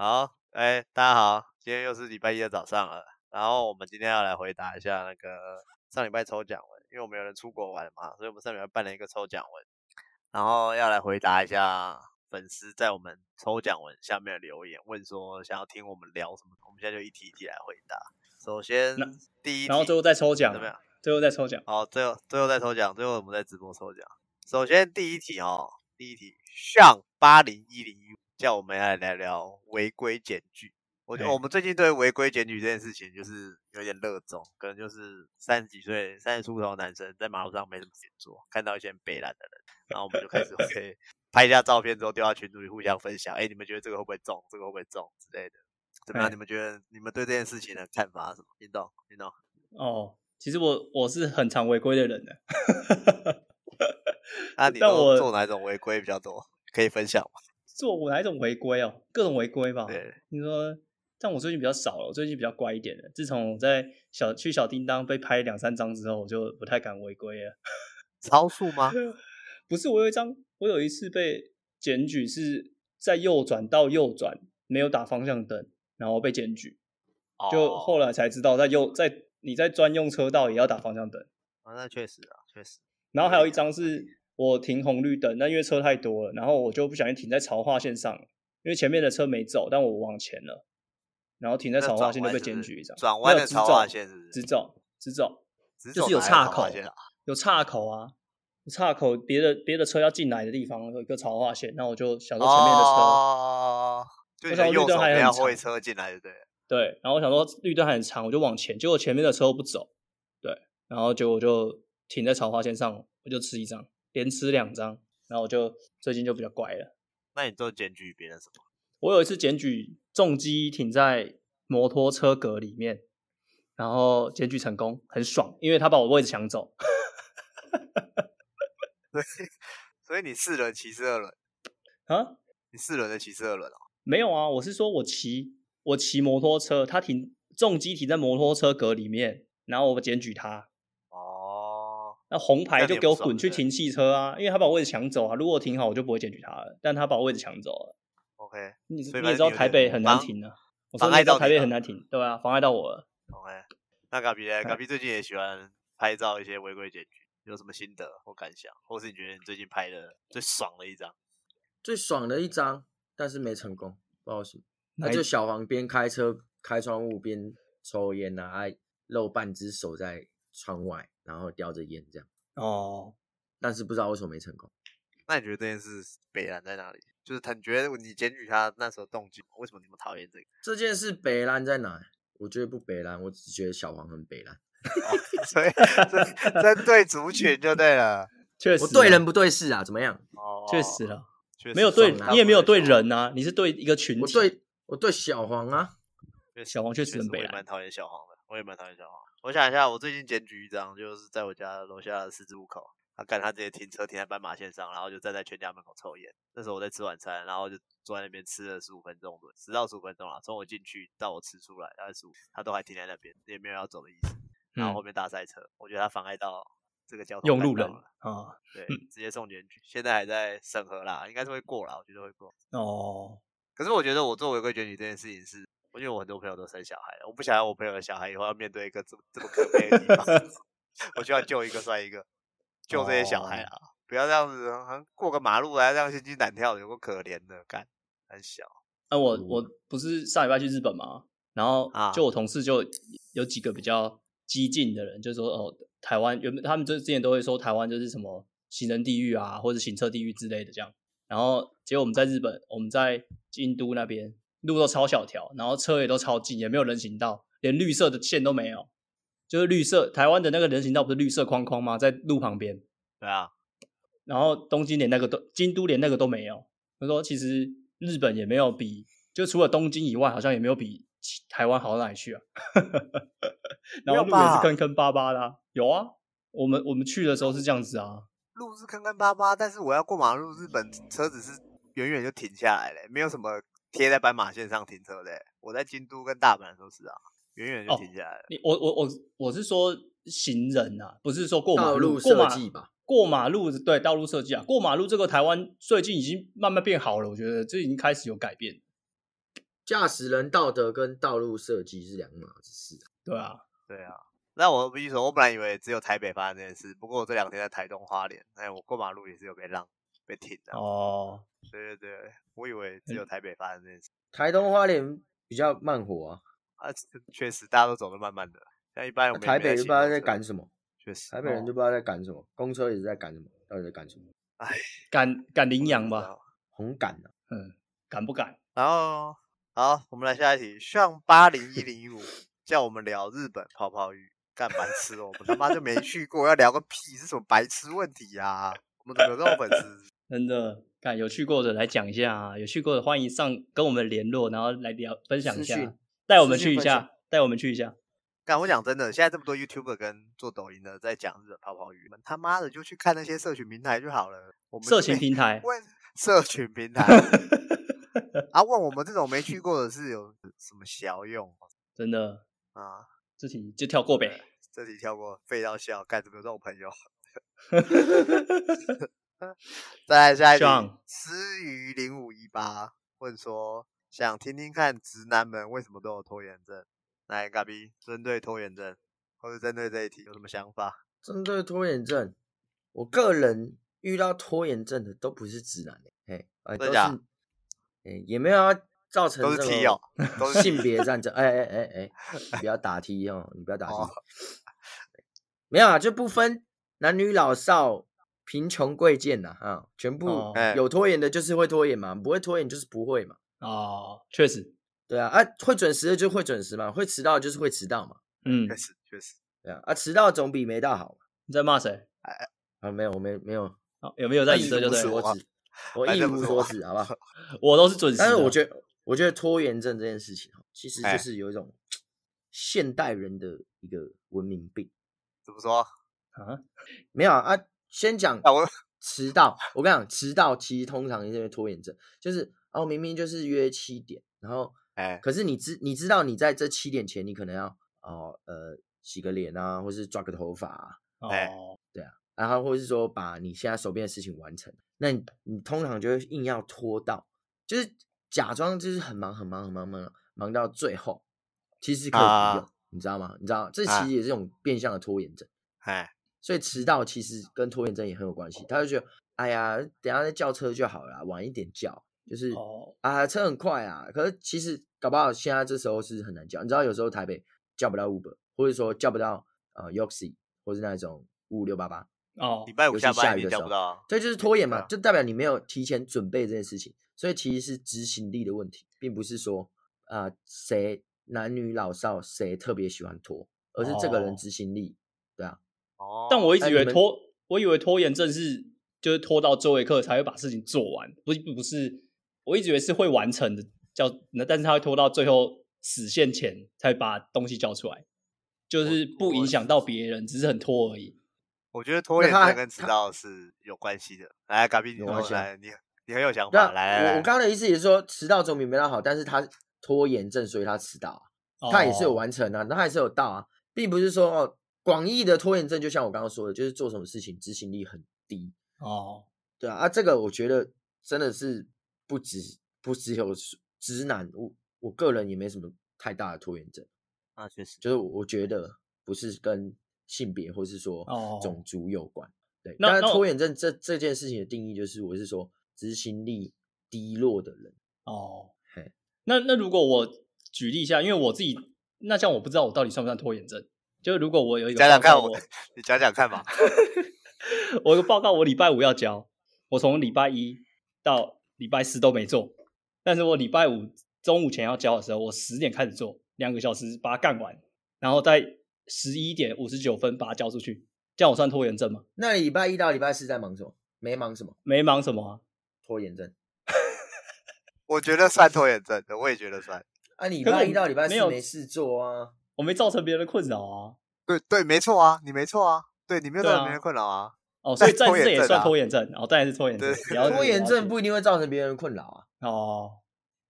好，哎、欸，大家好，今天又是禮拜一的早上了。然後我們今天要來回答一下那個上禮拜抽獎文，因為我們有人出國玩嘛，所以我們上禮拜辦了一個抽獎文，然後要來回答一下粉絲在我們抽獎文下面的留言，問說想要聽我們聊什麼。我們現在就一題一題來回答。首先，第一題，然後最後再抽獎，怎麼樣？最後再抽獎。好，最後最後再抽獎，最後我們在直播抽獎。首先第一題哦，第一題上八零一零一。叫我們來聊聊違規檢舉。我覺得我們最近對違規檢舉這件事情就是有點熱衷，可能就是三十幾歲、三十出頭的男生在馬路上沒什麼事做，看到一些白爛的人，然後我們就開始可以拍一下照片，之後丟 到群組裡互相分享。哎、 欸，你們覺得這個會不會中？這個會不會中之類的？怎麼樣？ 你們覺得你們對這件事情的看法是什麼？林董，林董，哦，其實我我是很常違規的人的、啊。那、 啊、你都做哪一種違規比較多？可以分享嗎？做我哪一種違規哦、啊？各種違規吧對。你說，但我最近比較少了，我最近比較乖一點的。自從我在小去小叮當被拍兩三張之後，我就不太敢違規了。超速嗎？ 不是，我有一張，我有一次被檢舉是在右轉到右轉沒有打方向燈，然後被檢舉。哦、就後來才知道在，在右在你在專用車道也要打方向燈。啊，那確實啊，確實。然後還有一張是。我停紅綠燈，但因為車太多了，然後我就不小心停在槽化線上，因為前面的車沒走，但我往前了，然後停在槽化線就被檢舉一張。轉彎的槽化線是不是？直走直走，直走，就是有岔口，岔口啊、有岔口啊，岔口別的別的車要進來的地方有一個槽化線，那我就想說前面的車，就、oh, 是、oh, oh, oh, oh. 綠燈還要會車進來，對對，然後我想說綠燈很長，我就往前，結果前面的車不走，對，然後結果我就停在槽化線上，我就吃一張。連吃兩張，然後我就最近就比較乖了。那你都檢舉別人什麼？我有一次檢舉重機停在摩托車格裡面，然後檢舉成功，很爽，因為他把我的位置搶走。 所以，所以你四輪騎四二輪啊？你四輪的騎四二輪哦？沒有啊，我是說我騎我騎摩托車，他停重機停在摩托車格裡面，然後我檢舉他。那紅牌就給我滾去停汽車啊！因為他把我位置搶走啊！如果停好，我就不會檢舉他了。但他把我位置搶走了。OK，你你也知道台北很難停啊，妨礙到你啊，台北很難停，啊、對吧、啊？妨礙到我了。OK，那咖比呢？咖比最近也喜歡拍照一些違規檢舉，有什麼心得或感想，或是你覺得你最近拍的最爽的一張？最爽的一張，但是沒成功，不好意思。那就小黃邊開車開窗戶邊抽煙啊，露半隻手在窗外。然後叼着煙這樣哦，但是不知道為什麼沒成功。那你覺得這件事北蘭在哪裡？就是他你覺得你檢舉他那時候動機，為什麼你不討厭這個？這件事北蘭在哪？我覺得不北蘭，我只覺得小黃很北蘭、哦、所以針 對族群就對了。確實，我對人不對事啊？怎麼樣？確哦，確實了、啊，沒有對你也沒有對人啊，你是對一個群體。我對我對小黃啊，小黃確實很北蘭。我也蠻討厭小黃的，我也蠻討厭小黃。我想一下，我最近檢舉一張，就是在我家樓下的十字路口，他看他直接停車停在斑馬線上，然後就站在全家門口抽煙。那時候我在吃晚餐，然後就坐在那邊吃了十五分鐘，十到十五分鐘了，從我進去到我吃出來，二十五他都還停在那邊，也沒有要走的意思。然後後面大塞車、嗯，我覺得他妨礙到這個交通桿桿。用路人啊，對、嗯，直接送檢舉，現在還在審核啦，應該是會過啦，我覺得會過。哦，可是我覺得我做違規檢舉這件事情是。因為我很多朋友都生小孩了，我不想要我朋友的小孩以後要面對一個這麼這麼可悲的地方， 我就要救一個算一個，救這些小孩啊、哦！不要這樣子，好像過個馬路來這樣心驚膽跳，有夠可憐的，幹，很小。那、啊、我我不是上禮拜去日本嘛，然後啊，就我同事就有幾個比較激進的人，就說哦、呃，台灣原本他們之前都會說台灣就是什麼行人地獄啊，或者行車地獄之類的這樣。然後結果我們在日本，我們在京都那邊。路都超小條，然後車也都超近，也沒有人行道，連綠色的線都沒有。就是綠色，台灣的那個人行道不是綠色框框嗎？在路旁邊。對啊，然後東京連那個都，京都連那個都沒有。我說，其實日本也沒有比，就除了東京以外，好像也沒有比台灣好到哪裡去啊。 然後路也是坑坑巴巴的啊。有啊，我們我們去的時候是這樣子啊，路是坑坑巴巴，但是我要過馬路，日本車子是遠遠就停下來了，沒有什麼。貼在斑馬線上停車的、欸，我在京都跟大阪的時候是啊，遠遠就停下來了。哦、你我我我我是說行人啊，不是說過馬路設計吧？過馬，過馬路對道路設計啊，過馬路這個台灣最近已經慢慢變好了，我覺得這已經開始有改變。駕駛人道德跟道路設計是兩碼子事、啊，對啊，對啊。那我必須說，我本來以為只有台北發生這件事，不過我這兩天在台東花蓮，哎，我過馬路也是有被讓。被停了、啊、哦，對對對，我以為只有台北發生這件事。台東花蓮比較慢火啊，啊，確實大家都走得慢慢的。像一般人、啊、台北就不知道在趕什麼，確實台北人就不知道在趕什麼，哦、公車一直在趕什麼，到底在趕什麼？哎，趕趕羚羊吧，紅趕的、啊，嗯，趕不趕？然後好，好，我們來下一題，上八零一零五叫我們聊日本泡泡浴，幹白痴哦，我們他媽就沒去過， 要聊個屁？是什麼白痴問題呀、啊？我們怎麼有這種粉絲？ 真的，敢有去過的來講一下啊，有去過的歡迎上跟我們聯絡，然後來聊分享一下，帶我們去一下，帶我們去一下。幹我講真的，現在這麼多 YouTuber 跟做抖音的在講日本泡泡魚，們他媽的就去看那些社群平台就好了。社群平台問社群平台 啊？問我們這種沒去過的，是有什麼小用？真的啊？這題就跳過唄，這題跳過，廢到笑，該怎麼有這種朋友。 再來下一題，思於零五一八問說，想聽聽看直男們為什麼都有拖延症？來，嘎比，針對拖延症，或者針對這一題有什麼想法？針對拖延症，我個人遇到拖延症的都不是直男、欸欸欸、的，嘿，對啊，哎，也沒有要造成這種都是 T 哦，都是性別戰爭？哎哎哎哎，欸欸欸、 不要打 T 哦， 你不要打 T 哦， 你不要打 T 沒有啊，就不分男女老少。貧窮貴賤吶，啊，全部有拖延的，就是會拖延嘛、哦，不會拖延就是不會嘛。哦，確實，對啊，啊，會準時的就會準時嘛，會遲到的就是會遲到嘛。嗯，確實，確實，對啊，啊，遲到總比沒到好。你在罵誰？哎，啊，沒有，我沒沒有、啊，有沒有在色？這就是我一無所知，我一無所，我無所，無所好不好 我都是準時。但是我覺得，我覺得拖延症這件事情，其實就是有一種、哎、現代人的一個文明病。怎麼說？啊，沒有啊。啊先講我遲到、啊我。我跟你講，遲到其實通常也是因為拖延症，就是哦，明明就是約七點，然後哎、欸，可是你知你知道你在這七點前，你可能要哦呃洗個臉啊，或是抓個頭髮啊，哎、欸，對啊，然後或是說把你現在手邊的事情完成，那你，你通常就會硬要拖到，就是假裝就是很忙很忙很忙很忙忙到最後，其實可以不用，啊，你知道嗎？你知道這其實也是一種變相的拖延症，哎、欸。欸所以遲到其實跟拖延症也很有關係。他就覺得，哎呀，等下再叫車就好了啦，晚一點叫就是，oh. 啊，車很快啊。可是其實搞不好現在這時候是很難叫。你知道有時候台北叫不到 Uber，或者說叫不到呃 Yoxi 或是那種五五六八八。哦。禮拜五下班。也叫不到的時候。所以就是拖延嘛，oh. 就代表你沒有提前準備這件事情。所以其實是執行力的問題，並不是說啊誰、呃、男女老少誰特別喜歡拖，而是這個人執行力、oh. 對啊。哦，但我一直以為、欸、拖，我以為拖延症是就是拖到最後一刻才會把事情做完，不不不是，我一直以為是會完成的叫，那但是他會拖到最後死線前才把東西交出來，就是不影響到別人、欸，只是很拖而已。我覺得拖延症跟遲到是有關係的。來，嘎皮你來，你你很有想法。來，我來我剛剛的意思也是說，遲到總比沒到好，但是他拖延症，所以他遲到、哦，他也是有完成啊，他也是有到啊，並不是說、哦廣義的拖延症，就像我剛剛說的，就是做什麼事情執行力很低哦。Oh. 對啊，啊，這個我覺得真的是不只不只有直男，我我個人也沒什麼太大的拖延症啊，確實，就是我覺得不是跟性別或是說種族有關。Oh. 對，那拖延症這這件事情的定義就是，我是說執行力低落的人哦。Oh. 嘿，那那如果我舉例一下，因為我自己那像我不知道我到底算不算拖延症。就如果我有一個，講講看我，你講講看吧。我有報告，我禮拜五要交，我從禮拜一到禮拜四都沒做，但是我禮拜五中午前要交的時候，我十點開始做，兩個小時把它幹完，然後在十一點五十九分把它交出去，這樣我算拖延症嗎？那你禮拜一到禮拜四在忙什麼？沒忙什麼？沒忙什麼啊？拖延症？ 我覺得算拖延症，我也覺得算。啊，禮拜一到禮拜四沒事做啊。我沒造成別人的困擾啊，對對，沒錯啊，你沒錯啊，對你沒有造成別人的困擾啊，啊，啊，哦，所以暫時這也算拖延症、啊，哦，但也是拖延症對。拖延症不一定會造成別人的困擾啊，哦，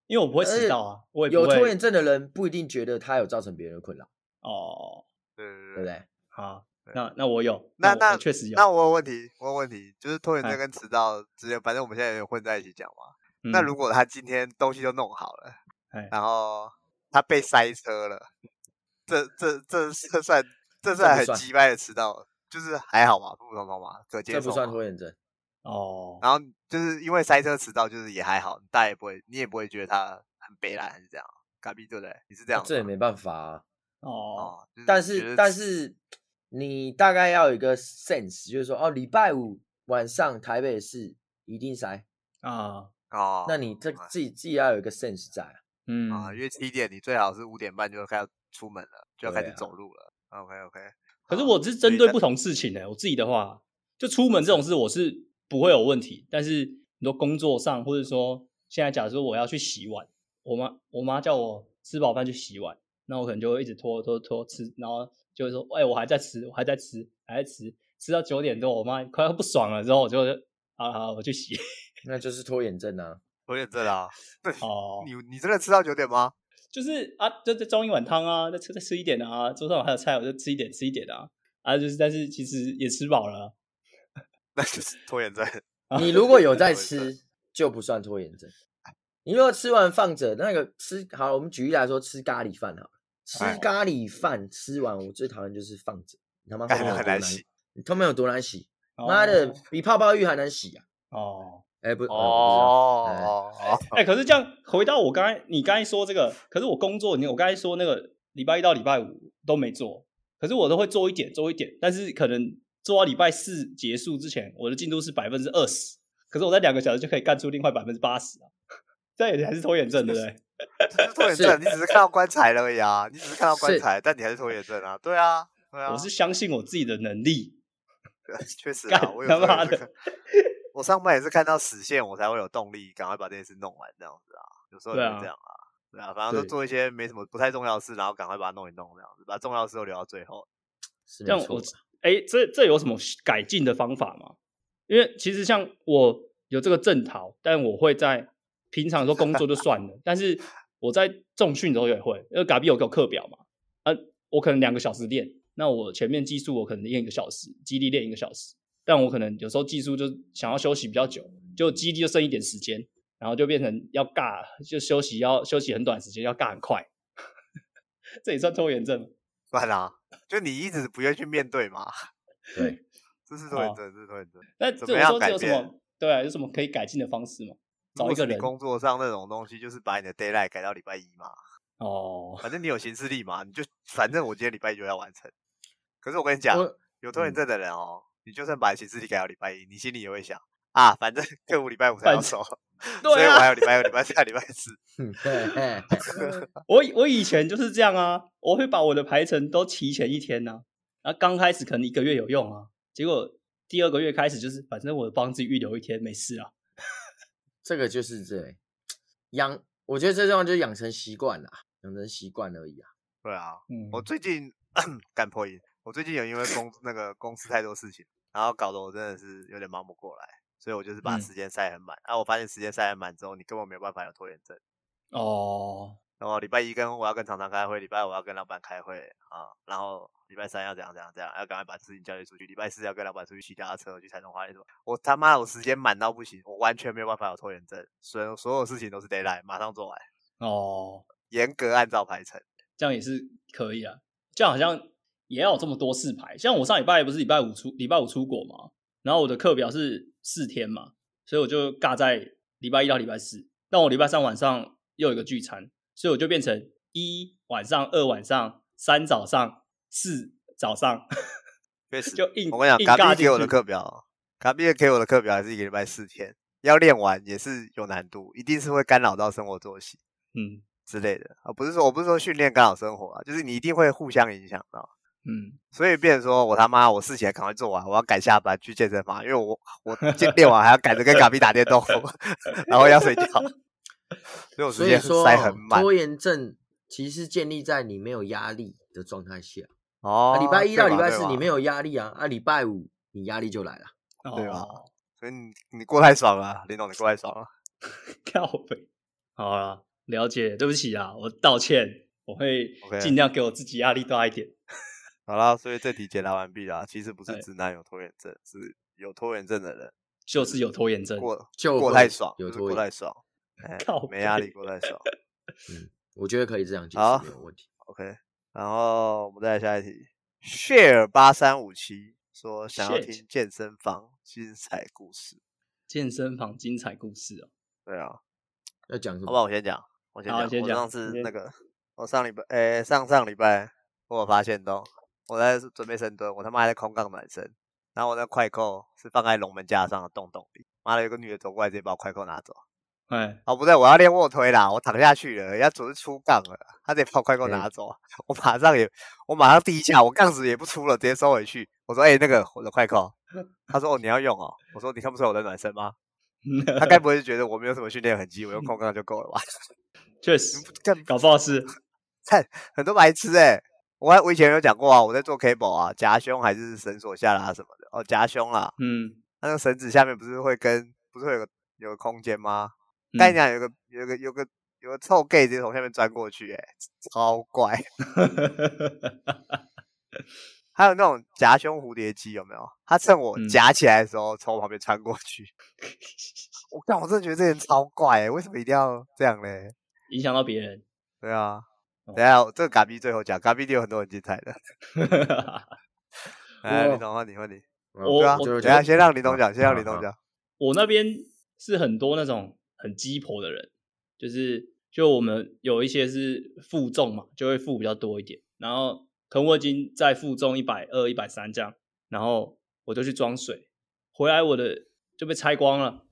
因為我不會遲到啊，我有拖延症的人不一定覺得他有造成別人的困擾哦，對對對，好，對那那我有，那那確實有，那我有問題，我有問題，就是拖延症跟遲到之間，反正我們現在也混在一起講嘛、嗯。那如果他今天東西都弄好了，然後他被塞車了。這這這這算這算很奇葩的遲到，就是還好嘛，普普通通嘛，可接受嘛這不算拖延症哦、嗯。然後就是因為塞車遲到，就是也還好，大家也不會，你也不會覺得他很悲哀還是這樣，卡比對不對？你是這樣、啊。這也沒辦法、啊、哦、就是。但是但是你大概要有一個 sense，就是說哦，禮拜五晚上台北市一定塞啊哦那你這自己、嗯、自己要有一個 sense 在、啊，嗯啊，因為七點你最好是五點半就開始。嗯出門了就要開始走路了。啊、OK OK，可是我是針對不同事情誒、欸，我自己的話，就出門這種事，我是不會有問題。但是很多工作上，或者說現在，假如說我要去洗碗，我媽我媽叫我吃飽飯去洗碗，那我可能就會一直拖拖拖，拖吃，然後就會說：“哎、欸，我還在吃，我還在吃，還在吃，吃到九點多，我媽快要不爽了。”之後我就：“好好，好，我去洗。”那就是拖延症啊！拖延症啊！對哦，你你真的吃到九點嗎？就是啊，就再裝一碗湯啊，再吃再吃一點的啊，桌上還有菜，我就吃一點吃一點的啊，啊就是，但是其實也吃飽了，那就是拖延症正笑。你如果有在吃，就不算拖延症。你如果吃完放着那個吃，好，我們舉例來說，吃咖喱飯哈，吃咖喱飯吃完，我最討厭就是放着，他媽的很難洗，他們有多難洗，媽的比泡泡浴還難洗啊。哦。哎、欸、不哦、呃不欸、哦哎、欸，可是這樣回到我剛才你剛才說這個，可是我工作你我剛才說那個禮拜一到禮拜五都沒做，可是我都會做一點做一點，但是可能做到禮拜四結束之前，我的進度是百分之二十，可是我在兩個小時就可以幹出另外百分之八十啊，這樣也還是拖延症是是，對不對？拖、就、延、是、症，你只是看到棺材了呀、啊，你只是看到棺材，但你還是拖延症啊？對啊，對啊，我是相信我自己的能力，確實他、啊、媽 的。我上班也是看到死線，我才會有動力趕快把這件事弄完這樣子啊，有時候也就是這樣啊，啊，對啊，反正就做一些沒什麼不太重要的事，然後趕快把它弄一弄這樣子，把重要的事都留到最後。但我，哎、欸，這這有什麼改進的方法嗎？因為其實像我有這個症頭，但我會在平常說工作就算了， 但是我在重訓的時候也會，因為咖比有個課表嘛，啊，我可能兩個小時練，那我前面技術我可能練一個小時，肌力練一個小時。但我可能有時候技術就想要休息比較久，就基地就剩一點時間，然後就變成要尬，就休息要休息很短時間，要尬很快。 這也算拖延症？算啦，就你一直不願意去面對嘛。對、嗯，這是拖延症，嗯、這是拖延症。那、哦、怎麼樣改、這個、有改對、啊，有什麼可以改進的方式嗎？找一個人工作上那種東西，就是把你的 deadline 改到禮拜一嘛。哦，反正你有行事曆嘛，你就反正我今天禮拜一就要完成。可是我跟你講，有拖延症的人哦。嗯你就算把日期自己改到禮拜一，你心裡也會想啊，反正週五、禮拜五才要收，啊，所以我還有禮拜五、禮拜下禮拜四。拜四 對，我我以前就是這樣啊，我會把我的排程都提前一天呢，啊。然後，啊，剛開始可能一個月有用啊，結果第二個月開始就是，反正我幫自己預留一天沒事啊。這個就是這，養，我覺得這地方就是養成習慣啦，養成習慣而已啊。對啊，嗯，我最近乾破音，我最近有因為公 那個公司太多事情。然後搞得我真的是有點忙不過來，所以我就是把時間塞很滿、嗯、啊！我發現時間塞很滿之後，你根本沒有辦法有拖延症哦。然、哦、後禮拜一跟我要跟廠長開會，禮拜五要跟老板開會啊，然後禮拜三要怎樣怎樣怎樣，要趕快把事情交接出去。禮拜四要跟老板出去騎單車，車去採能花那種，我他媽我時間滿到不行，我完全沒有辦法有拖延症，所以所有事情都是 deadline 馬上做完哦。嚴格按照排程，這樣也是可以啊，這樣好像。也要有這麼多四排，像我上禮拜不是禮拜五出禮拜五出國嘛，然後我的課表是四天嘛，所以我就尬在禮拜一到禮拜四。但我禮拜三晚上又有一個聚餐，所以我就變成一晚上、二晚上、三早上、四早上。 就硬。我跟你講，卡比給我的課表，卡比給我的課表還是一個禮拜四天，要練完也是有難度，一定是會干擾到生活作息，嗯之類的、嗯、啊。不是說我不是說訓練干擾生活啊，就是你一定會互相影響到。嗯，所以變說，我他媽，我事情趕快做完，我要趕下班去健身房，因為我我練練完還要趕着跟港幣打電動， 然後要睡覺所我時。所以說，拖延症其實建立在你沒有壓力的狀態下。哦，啊、禮拜一到禮拜四你沒有壓力啊，啊禮拜五你壓力就來了，對吧？哦、所以你你過太爽了，林總你過太爽了，跳好啦，了解，對不起啊，我道歉，我會盡量給我自己壓力大一點。Okay. 好啦，所以這題解答完畢啦。其實不是直男有拖延症，欸、是有拖延症的人就是有拖延症，就是、過就過，過太爽，有拖、就是、過太爽，欸、沒壓力過太爽。嗯，我覺得可以這樣解釋，沒有問題。OK，然後我們再來下一題。Share 八三五七說想要聽健身房精彩故事。健身房精彩故事哦。對啊，要講什麼？好不好我先講？我先講，我先講。我上次那個，我上禮拜，誒、欸，上上禮拜，我有發現都。我在準備深蹲，我他媽還在空槓暖身，然後我的快扣是放在龍門架上的洞洞裡。媽的，有個女的走過來，直接把我快扣拿走。哎，哦不對，我要練臥推啦，我躺下去了，人家準備出槓了，她得把我快扣拿走、哎。我馬上也，我馬上第一下，我槓子也不出了，直接收回去。我說，哎，那個我的快扣， 他說，哦，你要用哦。我說，你看不出來我在暖身嗎？ 他該不會是覺得我沒有什麼訓練痕跡，我用空槓就夠了吧？確實 你看，搞不好是，看 很多白痴誒、欸我我以前有講過啊，我在做 cable 啊，夾胸還是繩索下拉、啊、什麼的哦，夾胸啦，嗯，那個繩子下面不是會跟，不是會有個有個空間嗎？但你講有個有個有個有個臭 gay 直接從下面鑽過去、欸，誒超怪！ 還有那種夾胸蝴,蝴蝶機有沒有？他趁我夾起來的時候從我旁邊穿過去，嗯、 我靠，我真的覺得這人超怪、欸，哎，為什麼一定要這樣嘞？影響到別人。對啊。等一下，這個嘎逼最後講，嘎逼一定有很多很精彩的。 哎，林總，換你，換你我。對啊，我等一下先讓李總講，先讓李總講。我那邊是很多那種很雞婆的人，就是就我們有一些是負重嘛，就會負比較多一點。然後可能我已經在負重一百二、一百三這樣，然後我就去裝水，回來我的就被拆光了。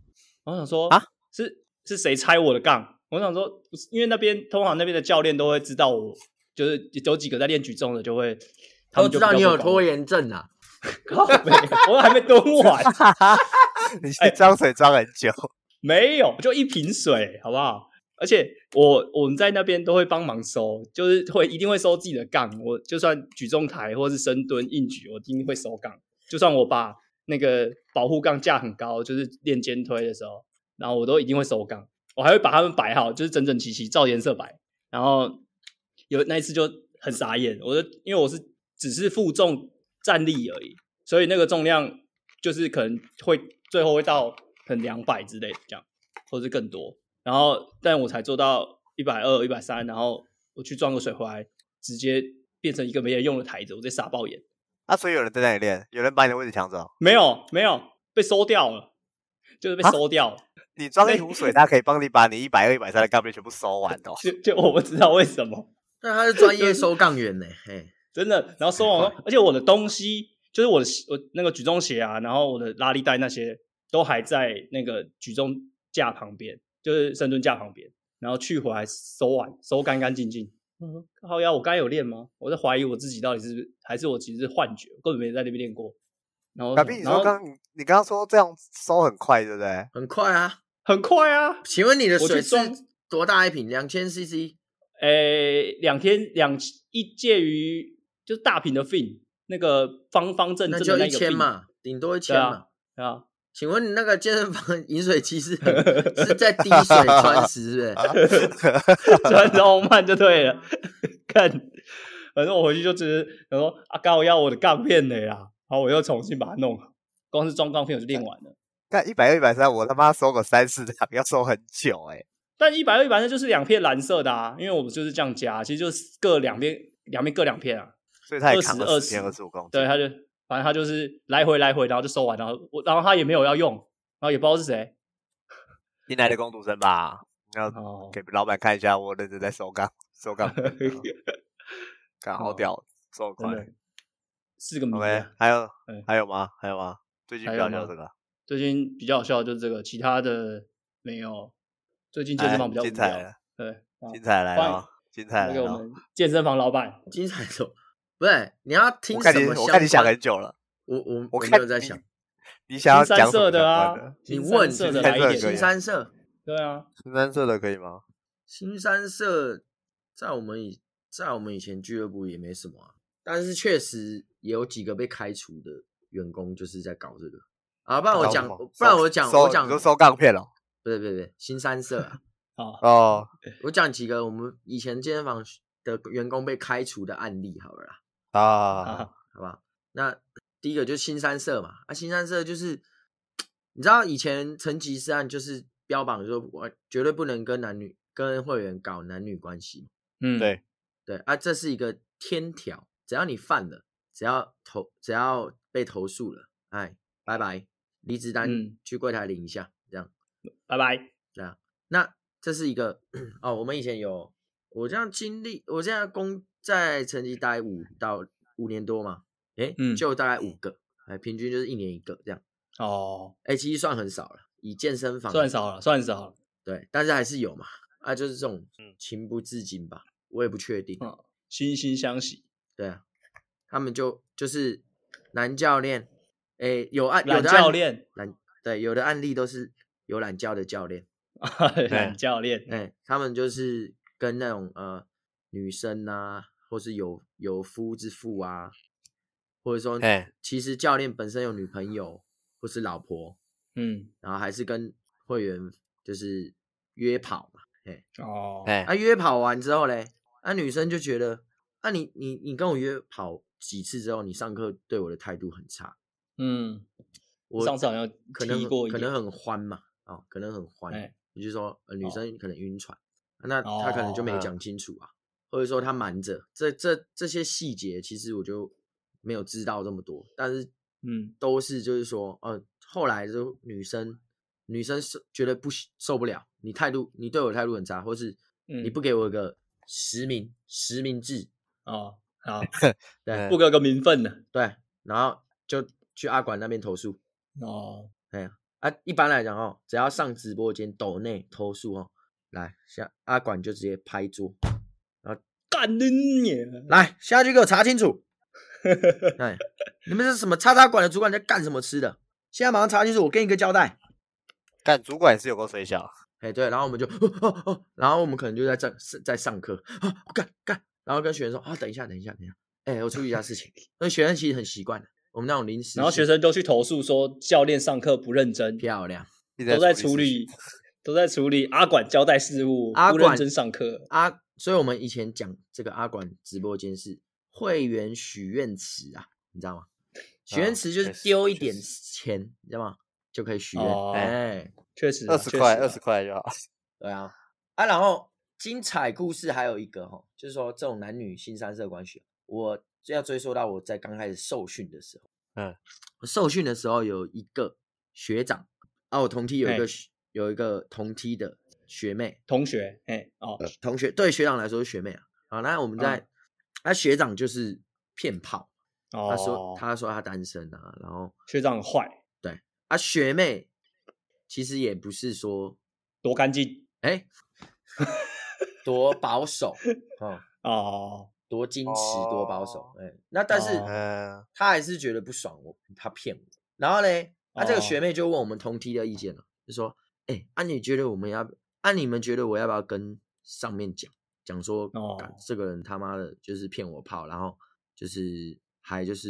我想說啊，是是誰拆我的槓？.我想說，因為那邊通常那邊的教練都會知道我，就是有幾個在練舉重的，就會，他都知道就你有拖延症啊！ 靠北，我還沒蹲完。 你裝水裝很久。欸？沒有，就一瓶水，好不好？而且我我們在那邊都會幫忙收，就是會一定會收自己的槓。我就算舉重台或者是深蹲硬舉，我一定會收槓。就算我把那個保護槓架，架很高，就是練肩推的時候，然後我都一定會收槓。我還會把它們擺好，就是整整齊齊，照顏色擺。然後有那一次就很傻眼，我就因為我是只是負重站立而已，所以那個重量就是可能會最後會到很兩百之類這樣，或者是更多。然後但我才做到一百二、一百三，然後我去裝個水回來，直接變成一個沒人用的台子，我在傻爆眼啊！所以有人在那裡練，有人把你的位置搶走？沒有，沒有，被收掉了，就是被收掉了。你裝一壺水，他可以幫你把你一百二、一百三的槓鈴全部收完的 就。就我不知道為什麼， 但他是專業收槓員呢，嘿， 真的。然後收完， 而且我的東西，就是我的我那個舉重鞋啊，然後我的拉力帶那些，都還在那個舉重架旁邊，就是深蹲架旁邊。然後去回來收完，收乾乾淨淨。 嗯哼，好呀，我剛有練嗎？我在懷疑我自己到底是不是，還是我其實是幻覺，根本沒在那邊練過。然後，卡你說剛你剛剛說這樣收很快，對不對？很快啊。很快啊！請問你的水是多大一瓶？兩千 CC？誒，兩、欸、天兩一介於就是大瓶的 fin 那個方方正正的那個瓶嘛，頂多一千嘛對、啊。對啊，請問你那個健身房飲水機是 是在滴水穿石是不是、 啊、 穿石，是穿石歐曼就對了。 看，反正我回去就只是想說啊，剛好我要我的槓片的呀，好，我又重新把它弄了。光是裝槓片我就練完了。啊但一百二一百三，120, 130, 我他媽收個三四，要收很久哎、欸。但一百二一百三就是兩片藍色的啊，因為我們就是這樣夾，其實就是各兩邊兩邊各兩片啊。所以他二十二十，二十五公斤。對，他就反正他就是來回來回，然後就收完，然後我然後他也沒有要用，然後也不知道是誰新來的工讀生吧？ 你要給老板看一下，我認真在收缸。收缸。剛 收鋼 好屌，這、哦、麼快。四個名、啊，okay, 還有還有嗎？還有嗎？最近表現這個。最近比較好笑的就是這個，其他的沒有。最近健身房比較精彩了，對，精彩來了，精彩來了、哦。來了哦、給我們健身房老闆，精彩走，不是你要聽什麼我？我看你想很久了，我我我，我沒有在想，你，你想要講什麼的，新三社的啊？你問，新三色，對啊，新三色的可以嗎？新三色在我們以在我們以前俱樂部也沒什麼、啊，但是確實也有幾個被開除的員工就是在搞這個。不然我講，不然我講，我講，就收鋼片了，不對不對不對，新三社。啊。 哦，我講幾個我們以前健身房的員工被開除的案例，好不啦。啊，啊啊好吧。那第一個就是新三社嘛，啊，新三社就是你知道以前成吉思汗就是標榜說，我絕對不能跟男女跟會員搞男女關係，嗯，對對，啊，這是一個天條，只要你犯了，只要投只要被投訴了，哎，拜拜。離職單去櫃檯領一下、嗯，這樣，拜拜，對，那這是一個哦，我們以前有，我這樣經歷，我現在工在成績待五到五年多嘛，哎、欸嗯，就大概五個，平均就是一年一個這樣。哦，哎、欸，其實算很少了，以健身房算少了，算少了，對，但是還是有嘛。啊，就是這種情不自禁吧，我也不確定。惺、嗯、惺相惜，對啊，他們就就是男教練。哎、欸，有案，有的教練懶，對，有的案例都是有懶教的教練，懶 教練，哎、欸，他們就是跟那種呃女生吶、啊，或是有有夫之婦啊，或者說，哎、欸，其實教練本身有女朋友或是老婆，嗯，然後還是跟會員就是約跑嘛，哎、欸，哦，哎，那約跑完之後嘞，那、啊、女生就覺得，那、啊、你你你跟我約跑幾次之後，你上課對我的態度很差。嗯，我上次好像提過一點，可能，可能很歡嘛，哦、可能很歡，欸、也就是說、呃、女生可能暈船、哦啊，那、哦、她可能就沒講清楚啊、哦，或者說她瞞着，這這這些細節其實我就沒有知道這麼多，但是嗯，都是就是說、嗯，呃，後來就女生女生是覺得不受不了，你態度你對我態度很差，或是你不給我一個實名、嗯、實名制啊、哦，好，對， 不給我個名分呢，對，然後就。去阿管那邊投訴哦，哎、oh. 呀啊，一般來講哦，只要上直播間抖內投訴哦，來，下，阿管就直接拍桌，然後幹你！來，下去給我查清楚！哎， 你們是什麼叉叉管的主管在幹什麼吃的？現在馬上查清楚，我給你個交代。幹主管是有夠衰小，哎、欸，對，然後我們就，呵呵呵然後我們可能就在在在上課，幹幹，然後跟學生說啊，等一下，等一下，等一下，哎、欸，我處理一下事情。那 學生其實很習慣我們那種臨時，然後學生都去投訴說教練上課不認真，漂亮，都在處理，在處理都在處理。阿管交代事務，阿管不認真上課。啊，所以我們以前講這個阿管直播間是會員許願池啊，你知道嗎？許願池就是丟一點錢，你知道嗎？就可以許願。哎、哦，確實、欸，二十塊，二十塊就好。對啊，啊，然後。精彩故事還有一個就是說這種男女性三色關係，我要追溯到我在剛開始受訓的時候。嗯，受訓的時候有一個學長啊，我同梯有一個、欸、有一個同梯的學妹同學，哎、欸、哦，同學對學長來說是學妹啊。好，那我們在那、嗯啊、學長就是騙炮、哦，他說他說他單身啊，然後學長很壞，對啊，學妹其實也不是說多乾淨，哎、欸。 多保守啊， 哦，多矜持、哦，多保守，哎、欸，那但是、哦，他還是覺得不爽，我他騙我。然後呢，他、哦啊、這個學妹就問我們同梯的意見了，就說：“哎、欸，那、啊、你覺得我們要，那、啊、你們覺得我要不要跟上面講講說、哦，這個人他媽的就是騙我炮，然後就是還就是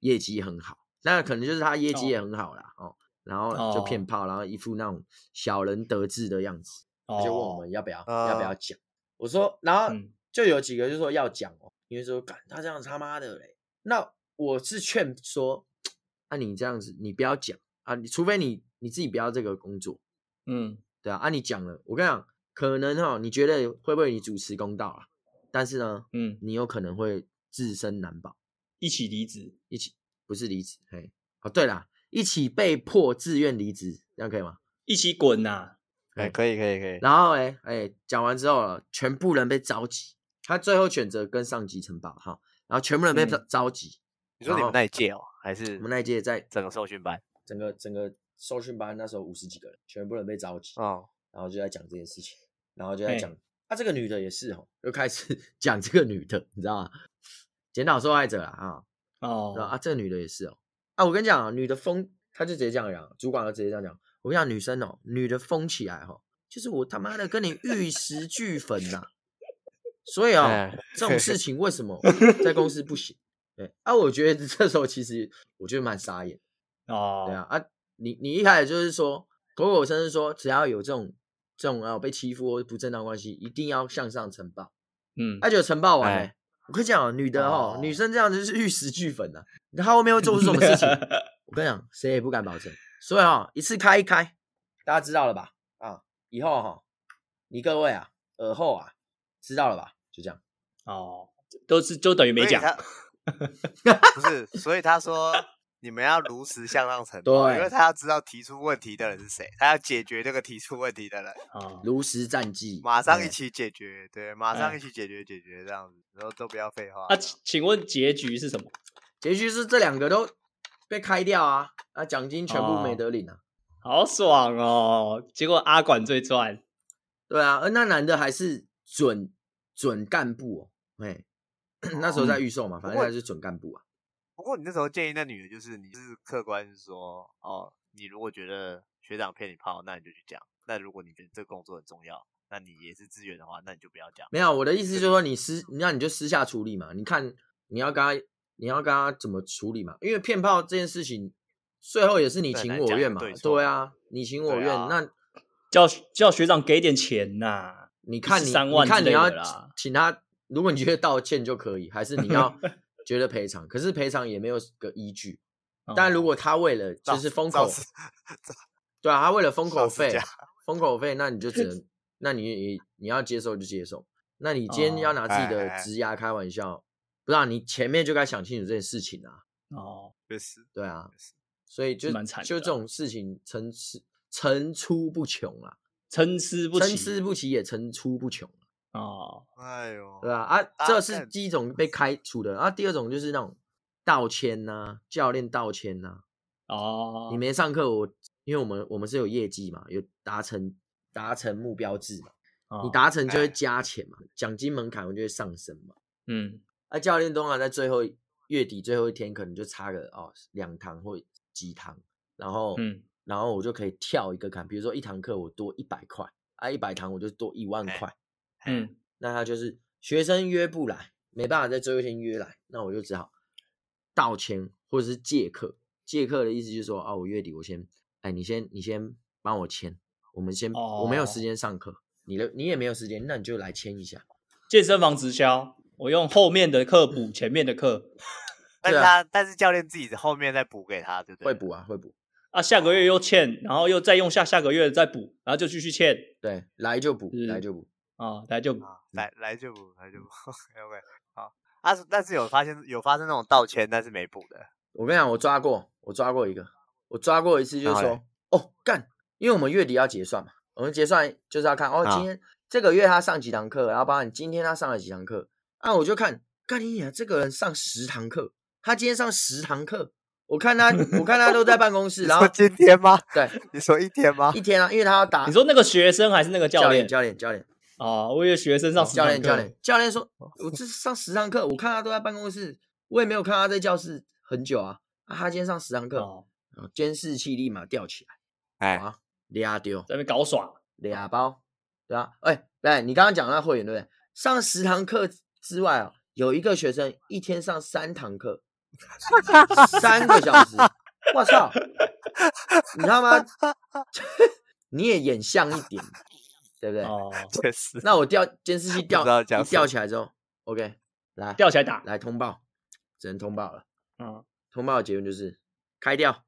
業績很好，那可能就是他業績也很好啦，哦，哦然後就騙炮，然後一副那種小人得志的樣子。”就問我們要不要，哦呃、要不要講？我說，然後就有幾個就說要講哦，因、嗯、為說，他這樣子他媽的嘞。那我是勸說，那、啊、你這樣子，你不要講啊，你除非你你自己不要這個工作，嗯，對啊。啊，你講了，我跟你講，可能哦，你覺得會不會為你主持公道啊？但是呢，嗯，你有可能會自身難保，一起離職，一起不是離職，嘿，哦，對啦，一起被迫自願離職，這樣可以嗎？一起滾吶、啊！哎、嗯，可以，可以，可以。然後哎，哎、欸欸，講完之後了，全部人被召集。他最後選擇跟上級呈報哈。然後全部人被召集。嗯、你說你們那一屆哦，還是我們那一屆，在整個受訓班，整個整個受訓班那時候五十幾個人，全部人被召集。哦。然後就在講這件事情，然後就在講、嗯。啊，這個女的也是哦，又開始講這個女的，你知道嗎？檢討受害者了啊。哦，哦。啊，這個女的也是哦。啊，我跟你講啊，女的瘋，她就直接這樣講，主管就直接這樣講。我想女生哦、喔，女的瘋起來哈、喔，就是我他媽的跟你玉石俱焚吶！所以啊、喔， 這種事情為什麼在公司不行？對，啊，我覺得這時候其實我覺得蠻傻眼的啊、哦。對啊，啊，你你一開始就是說口口聲聲說只要有這種這種啊被欺負或不正當關係，一定要向上呈報。嗯，而且呈報完呢、哎，我跟你講、喔，女的、喔、哦，女生這樣子是玉石俱焚啊。她後面會做出什麼事情？ 我跟你講，誰也不敢保證。所以哈、哦，一次開一開，大家知道了吧？啊、嗯，以後哈、哦，你各位啊，而後啊，知道了吧？就這樣。哦，都是，就等於沒講。 不是，所以他說 你們要如實向上承諾。對，因為他要知道提出問題的人是誰，他要解決這個提出問題的人。啊、嗯，如實戰績，馬上一起解決，對，對馬上一起解決、嗯，解決這樣子，然後都不要廢話。啊，請問結局是什麼？結局是這兩個都被開掉啊啊！獎金全部、哦、沒得領啊，好爽哦！結果阿管最賺， 對啊，而那男的還是準準幹部，哦。喂 那時候在預售嘛、哦，反正還是準幹部啊不。不過你那時候建議那女的，就是你是客觀是說哦，你如果覺得學長騙你炮，那你就去講；那如果你覺得這工作很重要，那你也是支援的話，那你就不要講 沒有，我的意思就是說，你私，那你就私下處理嘛。你看，你要跟他你要跟他怎麼處理嘛？因為騙炮這件事情，最後也是你情我願嘛。對，對，對啊，你情我願，啊、那叫叫學長給點錢吶、啊。你看你，你看你要請他，如果你覺得道歉就可以，還是你要覺得賠償？ 可是賠償也沒有個依據。嗯、但如果他為了就是封口，對啊，他為了封口費，封口費，那你就只能， 那你你，你要接受就接受。那你今天要拿自己的職涯、哦哎哎哎、開玩笑？不知道、啊、你前面就該想清楚這件事情啊！哦、oh, yes,，對啊，yes, yes. 所以就慘就這種事情成，層次，層出不窮啊，參差參差不齊、啊、也層出不窮哦、啊，哎呦，對吧、啊？啊，oh. 這是第一種被開除的、oh. 啊，啊，第二種就是那種道歉吶、啊，教練道歉吶、啊，哦、oh.，你沒上課，我因為我們我們是有業績嘛，有達成達成目標制嘛，oh. 你達成就會加錢嘛，獎、oh. 金門檻我就會上升嘛，hey. 嗯。那、啊、教練通常在最後月底最後一天，可能就差個哦兩堂或幾堂，然後、嗯，然後我就可以跳一個看，比如說一堂課我多一百塊，啊，一百堂我就多一萬塊，嗯，嗯，那他就是學生約不來，沒辦法在最後一天約來，那我就只好倒簽或者是借課，借課的意思就是說啊，我月底我先，哎，你先你先幫我簽，我們先、哦，我沒有時間上課，你的你也沒有時間，那你就來簽一下健身房直銷。我用後面的課補前面的課， 但是他 但是教練自己後面再補給他，對不對？會補啊，會補啊，下個月又欠，然後又再用下下個月再補，然後就繼續欠，對，來就補，來就補啊，來就補，啊、來來就補， 來，來就補，來就補 okay,，OK，好，但、啊、是但是有發現有發生那種道歉但是沒補的，我跟你講，我抓過，我抓過一個，我抓過一次，就是說、oh. 哦幹，因為我們月底要結算嘛，我們結算就是要看哦今天、oh. 這個月他上幾堂課，然後包括今天他上了幾堂課。啊！我就看，幹你娘這個人上十堂課，他今天上十堂課，我看他， 我看他都在辦公室。然後今天嗎？對，你說一天嗎？一天啊，因為他要打。你說那個學生還是那個教練？教練，教練。哦、啊，我以為學生上十堂課。教練，教練。教練說：“我這是上十堂課，我看他都在辦公室，我也沒有看他在教室很久啊。啊”他今天上十堂課，監、哦、視器立馬吊起來。哎、欸，倆丟、啊，在那邊搞爽。倆包，嗯、對啊。哎、欸，來，你剛剛講那會員對不對？上十堂課。之外啊，有一個學生一天上三堂課， 三個小時，我 操！你他媽 你也演像一點，哦、對不對？哦，確實。那我調監視器調一調起來之後，OK，來吊起來打，來通報，只能通報了。嗯，通報的結論就是開掉。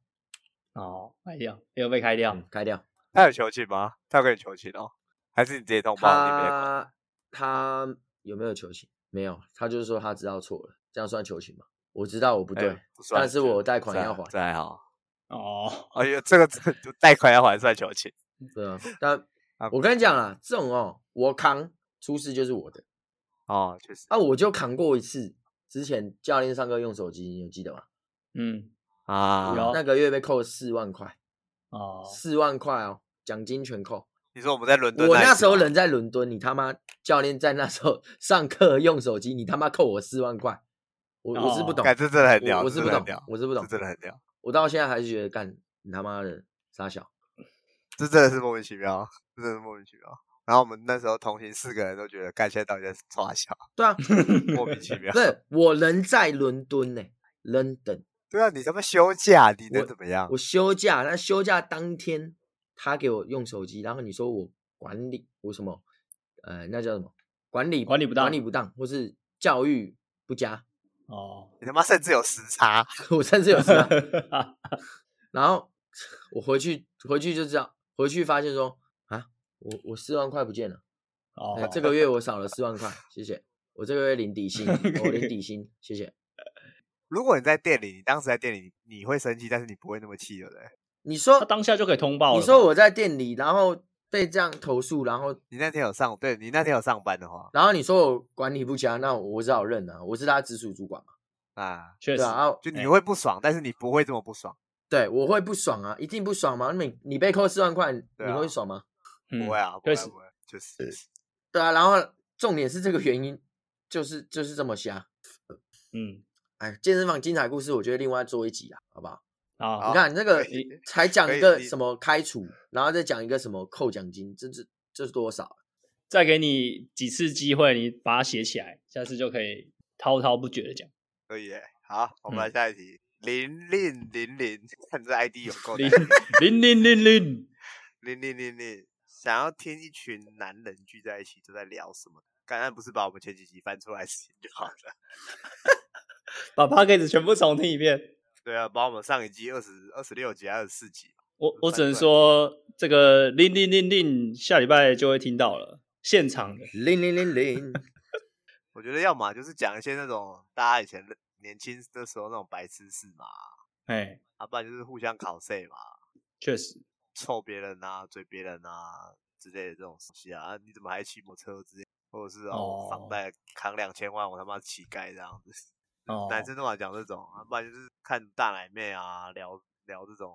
哦，又開掉，要被開掉，開掉。他有求情嗎？他有跟你求情哦？還是你自己通報？他有他,他有沒有求情？沒有，他就是說他知道錯了，這樣算求情嗎？我知道我不對，欸、不算，但是我貸款要還，還好。哦，哎呀，這個，這個貸款要還算求情？對啊，但啊我跟你講啊，這種哦，我扛，出事就是我的。哦，確實、就是。啊，我就扛過一次，之前教練上課用手機，你有記得嗎？嗯，啊，有。那個月被扣了四萬塊。哦，四萬塊哦，獎金全扣。你說我們在倫敦、啊，我那時候人在倫敦，你他媽教練在那時候上課用手機，你他媽扣我四萬塊，我、哦、我，是我，我是不懂，這真的很屌，我是不懂，我是不懂，這真的很屌，我到現在還是覺得幹你他媽的殺小，這真的是莫名其妙，這真的是莫名其妙。然後我們那時候同行四個人都覺得幹，現在大家殺小，對啊， 莫名其妙。對，我人在倫敦呢倫敦，對啊，你他媽休假，你能怎麼樣？我我休假，那休假當天。他給我用手機，然後你說我管理我什麼？呃，那叫什麼？管理管理不當，管理不當，或是教育不佳哦。Oh. 你他媽甚至有時差， 我甚至有時差。 然後我回去回去就知道，回去發現說啊，我我四萬塊不見了。哦、oh. 呃，這個月我少了四萬塊，謝謝。我這個月領底薪， 我領底薪，謝謝。如果你在店裡，你當時在店裡，你，你會生氣，但是你不會那麼氣，有沒？你說當下就可以通報了。你說我在店裡，然後被這樣投訴，然後你那天有上，對你那天有上班的話，然後你說我管理不佳，那我，我只好認了、啊，我是他直屬主管嘛。啊，確實。然後、啊、就你會不爽、欸，但是你不會這麼不爽。對我會不爽啊，一定不爽嗎？那你你被扣四萬塊、啊，你會爽嗎？不會啊，不、嗯、會，不會、啊對不會啊就是，就是。對啊，然後重點是這個原因，就是就是這麼瞎。嗯。哎，健身房精彩故事，我覺得另外做一集啊，好不好？啊、哦！你看，你、哦、那個你才講一個什麼開除，然後再講一個什麼扣獎金，這是這是多少？再給你幾次機會，你把它寫起來，下次就可以滔滔不絕的講。可以，好，我們來下一題。零零零零，看這 ID 有夠？零零零零零零零零，想要聽一群男人聚在一起都在聊什麼？剛才不是把我們前幾集翻出來時間就好了？ 把 Podcast 全部重聽一遍。對啊，把我們上一季二十二十六集，二十四集，我我只能說這個鈴鈴鈴鈴，下禮拜就會聽到了，現場的鈴鈴鈴鈴。我覺得要麼就是講一些那種大家以前年輕的時候那種白痴事嘛，哎、欸，啊不然就是互相考試嘛，確實，臭別人啊，追別人啊之類的這種東西啊，啊你怎麼還騎摩托車？直接或者是哦，哦房貸扛兩千萬，我他媽乞丐這樣子。男生都愛講這種，啊，不然就是看大奶妹啊，聊聊這種。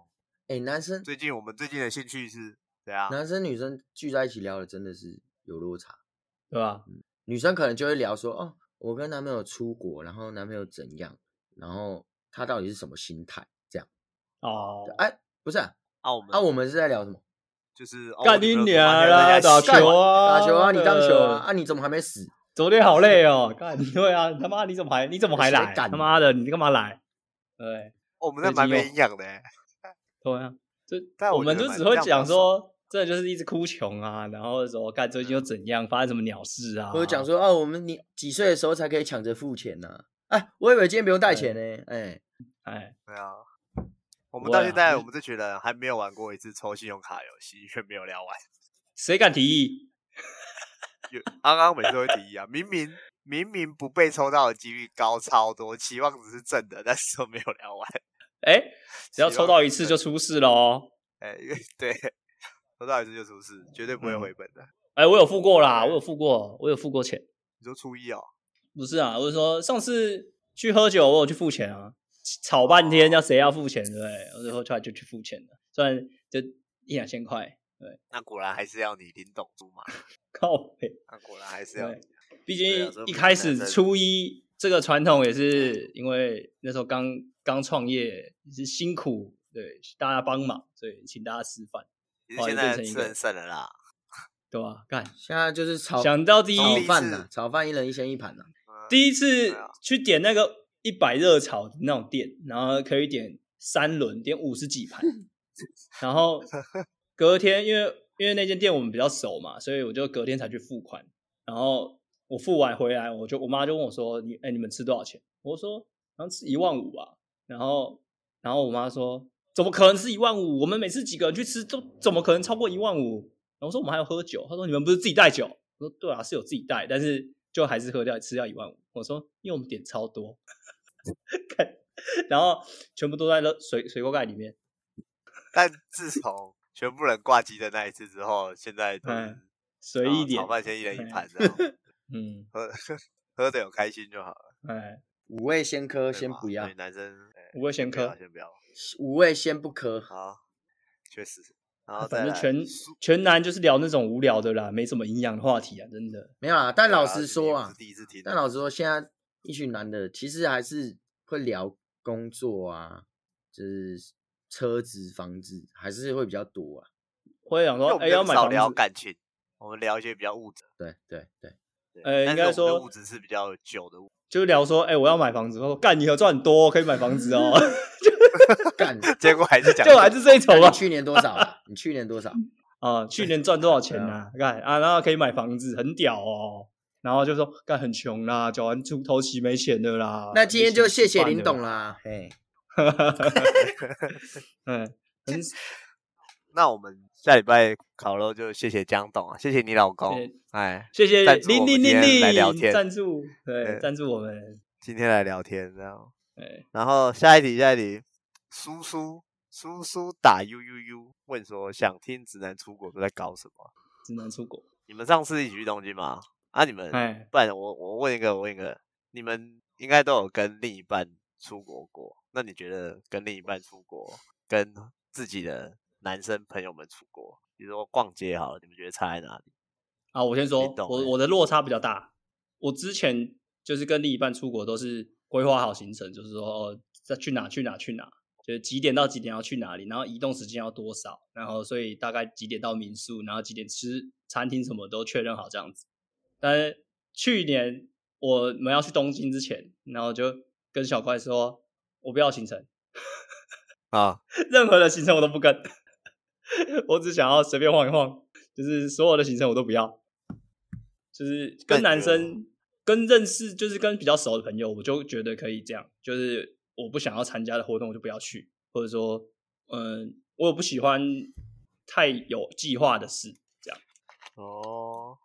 哎、欸，男生最近我們最近的興趣是怎樣？對啊，男生女生聚在一起聊的真的是有落差，對吧，啊嗯？女生可能就會聊說，哦，我跟男朋友出國，然後男朋友怎樣，然後他到底是什麼心態這樣。哦，哎、欸，不是啊，啊，啊我們啊我們是在聊什麼？就是幹、哦、你娘了，打球啊打球啊，球啊你當球啊，啊？你怎麼還沒死？昨天好累哦，幹 對啊，他媽你怎麼還你怎麼還來？他媽的，你幹嘛來？對，哦、我們那蠻沒營養的、欸。對啊，就但我,我們就只會講說，這就是一直哭窮啊，然後說，看最近又怎樣、嗯，發生什麼鳥事啊？我有講說啊、哦，我們你幾歲的時候才可以搶着付錢呢、啊？哎、欸，我以為今天不用帶錢呢、欸。哎、欸、哎、欸，對啊，我們到現在我們這群人還沒有玩過一次抽信用卡遊戲，卻沒有聊完。誰敢提議？剛、嗯、剛、嗯嗯、每次會一啊，明明明明不被抽到的幾率高超多，期望值是正的，但是都沒有聊完。誒、欸、只要抽到一次就出事嘍！誒、欸、對，抽到一次就出事，絕對不會回本的。誒、嗯欸、我有付過啦，我有付過，我有付過錢。你說初一哦？不是啊，我是說上次去喝酒，我有去付錢啊，吵半天，哦、要誰要付錢，對不對？我最後出來就去付錢了，雖然就一兩千塊。對，那果然還是要你領懂住嗎？ 靠！那果然還是要你、啊，畢竟一、啊、一開始初一這個傳統也是因為那時候剛剛創業也是辛苦，對，大家幫忙、嗯，所以請大家吃飯，其實現在是吃人省了啦，對吧、啊？幹現在就是炒想到第一炒飯了、啊、炒飯一人一千一盤了、啊嗯、第一次去點那個一百熱炒的那種店，然後可以點三輪，點五十幾盤， 然後。 隔天，因為因為那間店我們比較熟嘛，所以我就隔天才去付款。然後我付完回來，我就我媽就問我說：“你哎、欸，你們吃多少錢？”我說：“然後吃一萬五吧。”然後然後我媽說：“怎麼可能吃一萬五？我們每次幾個人去吃，都怎麼可能超過一萬五？”然後我說：“我們還要喝酒。”她說：“你們不是自己帶酒？”我說：“對啊，是有自己帶，但是就還是喝掉吃掉一萬五。”我說：“因為我們點超多， 然後全部都在那水水鍋蓋裡面。”但自從全部人掛機的那一次之後，現在隨、嗯、意一點炒飯先一人一盤，嗯，後喝嗯呵呵喝的有開心就好了。哎、嗯，五味先嗑先不要，男生五味先嗑先不要，五味先，先不嗑。好，確實，然後、啊、反正全全男就是聊那種無聊的啦，沒什麼營養的話題啊，真的沒有啊。但老實說啊，啊第一次，第一次但老實說，現在一群男的其實還是會聊工作啊，就是。車子、房子，還是會比較多啊。會想說，哎，要買房子。少聊感情，我們聊一些比較物質。對對對。呃，應該說物質是比較久的物。就聊說，哎、欸，我要買房子。說，幹，你有賺多，可以買房子哦。幹 結果還是講，結果還是這一種。你去年多少、啊？ 你去年多少？啊、 呃，去年賺多少錢呢、啊？幹、哎、啊，啊，然後可以買房子，很屌哦。然後就說，幹，很窮啦，交完出頭期沒錢的啦。那今天就謝謝林董啦。嘿、欸。哈哈哈，嗯，那我們下禮拜烤肉就謝謝江董啊，謝謝你老公，哎，謝謝，立立立立，贊助，對，贊助我們今天來聊天，天聊天這樣，對，然後下一題，下一題，叔叔蘇蘇打 u u u 問說，想聽直男出國都在搞什麼？直男出國，你們上次一起去東京嗎？啊，你們，哎，不然我我問一個，我問一個，你們應該都有跟另一半出國過。那你覺得跟另一半出國，跟自己的男生朋友們出國，比如說逛街好了，你們覺得差在哪裡？啊，我先說，我我的落差比較大。我之前就是跟另一半出國都是規劃好行程，就是說在、哦、去哪去哪去哪，就是幾點到幾點要去哪裡，然後移動時間要多少，然後所以大概幾點到民宿，然後幾點吃餐廳，什麼都確認好這樣子。但是去年我們要去東京之前，然後就跟小怪說。我不要行程啊！ 任何的行程我都不跟， 我只想要隨便晃一晃，就是所有的行程我都不要。就是跟男生、跟認識、就是跟比較熟的朋友，我就覺得可以這樣。就是我不想要參加的活動，我就不要去，或者說，嗯，我有不喜歡太有計劃的事，這樣。哦。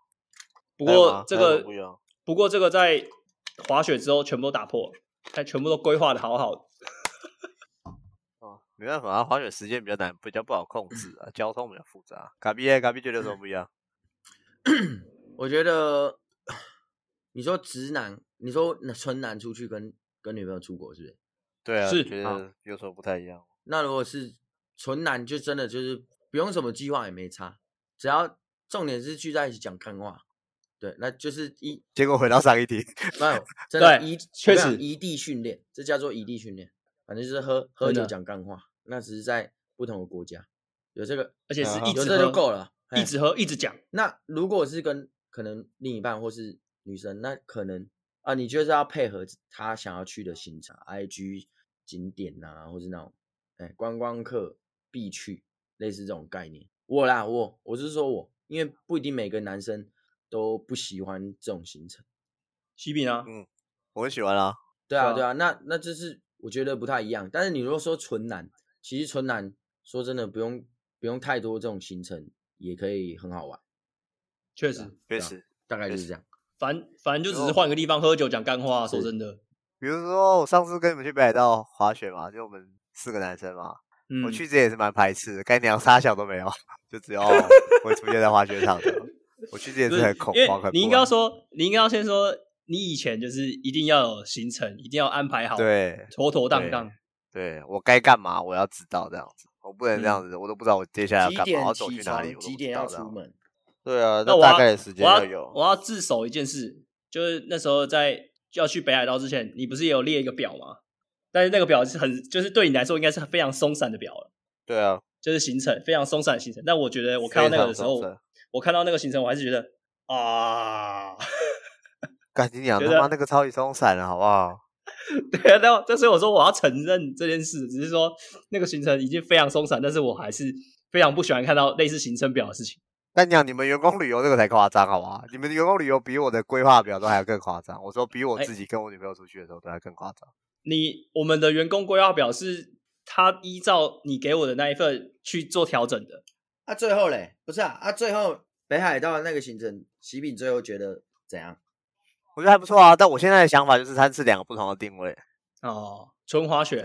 不過這個，不過這個在滑雪之後全部都打破了，還全部都規劃的好好的。沒辦法啊，滑雪時間比較難，比較不好控制啊，嗯、交通比較複雜。卡比耶，卡比覺得有什麼不一樣？我覺得你說直男，你說純男出去跟跟女朋友出國是不，是？對啊，是覺得有時候不太一樣。那如果是純男，就真的就是不用什麼計劃也沒差，只要重點是聚在一起講幹話。對，那就是一結果回到上一題，沒有真的，一確實移地訓練，這叫做移地訓練，反正就是喝喝酒講幹話。嗯那只是在不同的國家有這個，而且是一直有這個就夠了，一直喝，一直講。那如果是跟可能另一半或是女生，那可能啊，你就是要配合他想要去的行程，I G 景點啊，或是那種哎觀光客必去，類似這種概念。我啦，我我是說我，因為不一定每個男生都不喜歡這種行程。喜不喜歡？，嗯，我很喜歡啊。對啊，對啊，那那就是我覺得不太一樣。但是你如果說純男。其實純男說真的不用不用太多這種行程，也可以很好玩。確實，確、啊、實，大概就是這樣。反反正就只是換個地方喝酒講幹話、啊。說真的，比如說我上次跟你們去北海道滑雪嘛，就我們四個男生嘛，嗯、我去之前也是蠻排斥，的，該娘殺小都沒有，就只要會出現在滑雪場的。 我去之前也是很恐慌，很。你應該說，你應該要先說，你以前就是一定要有行程，一定要安排好，對，妥妥當當。對，我該幹嘛，我要知道這樣子，我不能這樣子，嗯、我都不知道我接下來要幹嘛，我要走去哪裡，幾點要出門。對啊，那我，那大概的時間要有。我要我要自首一件事，就是那時候在就要去北海道之前，你不是也有列一個表嗎？但是那個表是很，就是對你來說應該是非常鬆散的表了。對啊，就是行程非常鬆散的行程。但我覺得我看到那個的時候，我看到那個行程，我還是覺得啊，幹你娘，得 嗎、啊、那個超級鬆散了，好不好？ 對啊，但但是我說我要承認這件事，只是說那個行程已經非常鬆散，但是我還是非常不喜歡看到類似行程表的事情。那你講、啊、你們員工旅遊這個才誇張，好吧？你們的員工旅遊比我的規劃表都還要更誇張。我說比我自己跟我女朋友出去的時候都還要更誇張、欸。你我們的員工規劃表是他依照你給我的那一份去做調整的。啊，最後嘞，不是啊，啊，最後北海道的那個行程，喜餅最後覺得怎樣？我覺得還不錯啊，但我現在的想法就是它是兩個不同的定位哦，純滑雪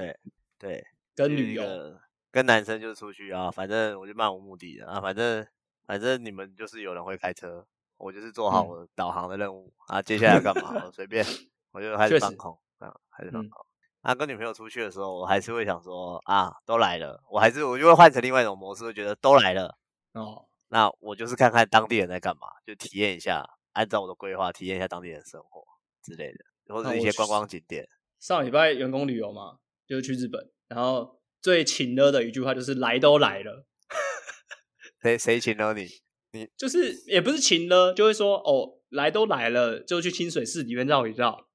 對，對，跟女的、就是，跟男生就是出去啊，反正我就漫無目的的啊，反正反正你們就是有人會開車，我就是做好我導航的任務、嗯、啊，接下來要幹嘛 我隨便，我就還是放空啊，還是放空。那、嗯啊、跟女朋友出去的時候，我還是會想說啊，都來了，我還是我就會換成另外一種模式，我覺得都來了哦，那我就是看看當地人在幹嘛，就體驗一下。按照我的規劃，體驗一下當地人的生活之類的，或者一些觀光景點。上禮拜員工旅遊嘛，就是、去日本，然後最情勒的一句話就是“來都來了” 誰。誰誰情勒你？你就是也不是情勒，就會、是、說哦，來都來了，就去清水寺裡面繞一繞，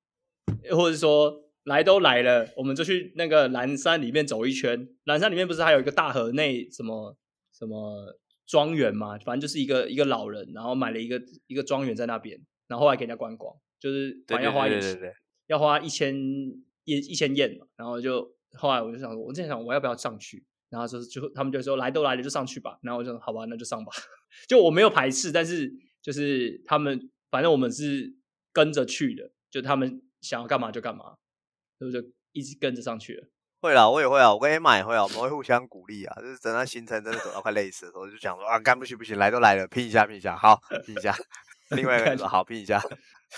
或者說來都來了，我們就去那個嵐山裡面走一圈。嵐山裡面不是還有一個大河內什麼什麼？什麼莊園嘛，反正就是一個一個老人，然後買了一個一個莊園在那邊，然後，後來給人家觀光，就是還要花錢，要花一千一一千元嘛。然後就後來我就想說，我正想我要不要上去，然後就是就他們就說來都來了就上去吧。然後我就說好吧，那就上吧。 就我沒有排斥，但是就是他們反正我們是跟着去的，就他們想要幹嘛就幹嘛，就就一直跟着上去了。會啦，我也會啊，我跟 Emma 也會啊，我們會互相鼓勵啊，就是整個行程真的走到快累死了，我 就想說啊，幹不行不行，來都來了，拼一下拼一下，好拼一下。 另外一個說好拼一下。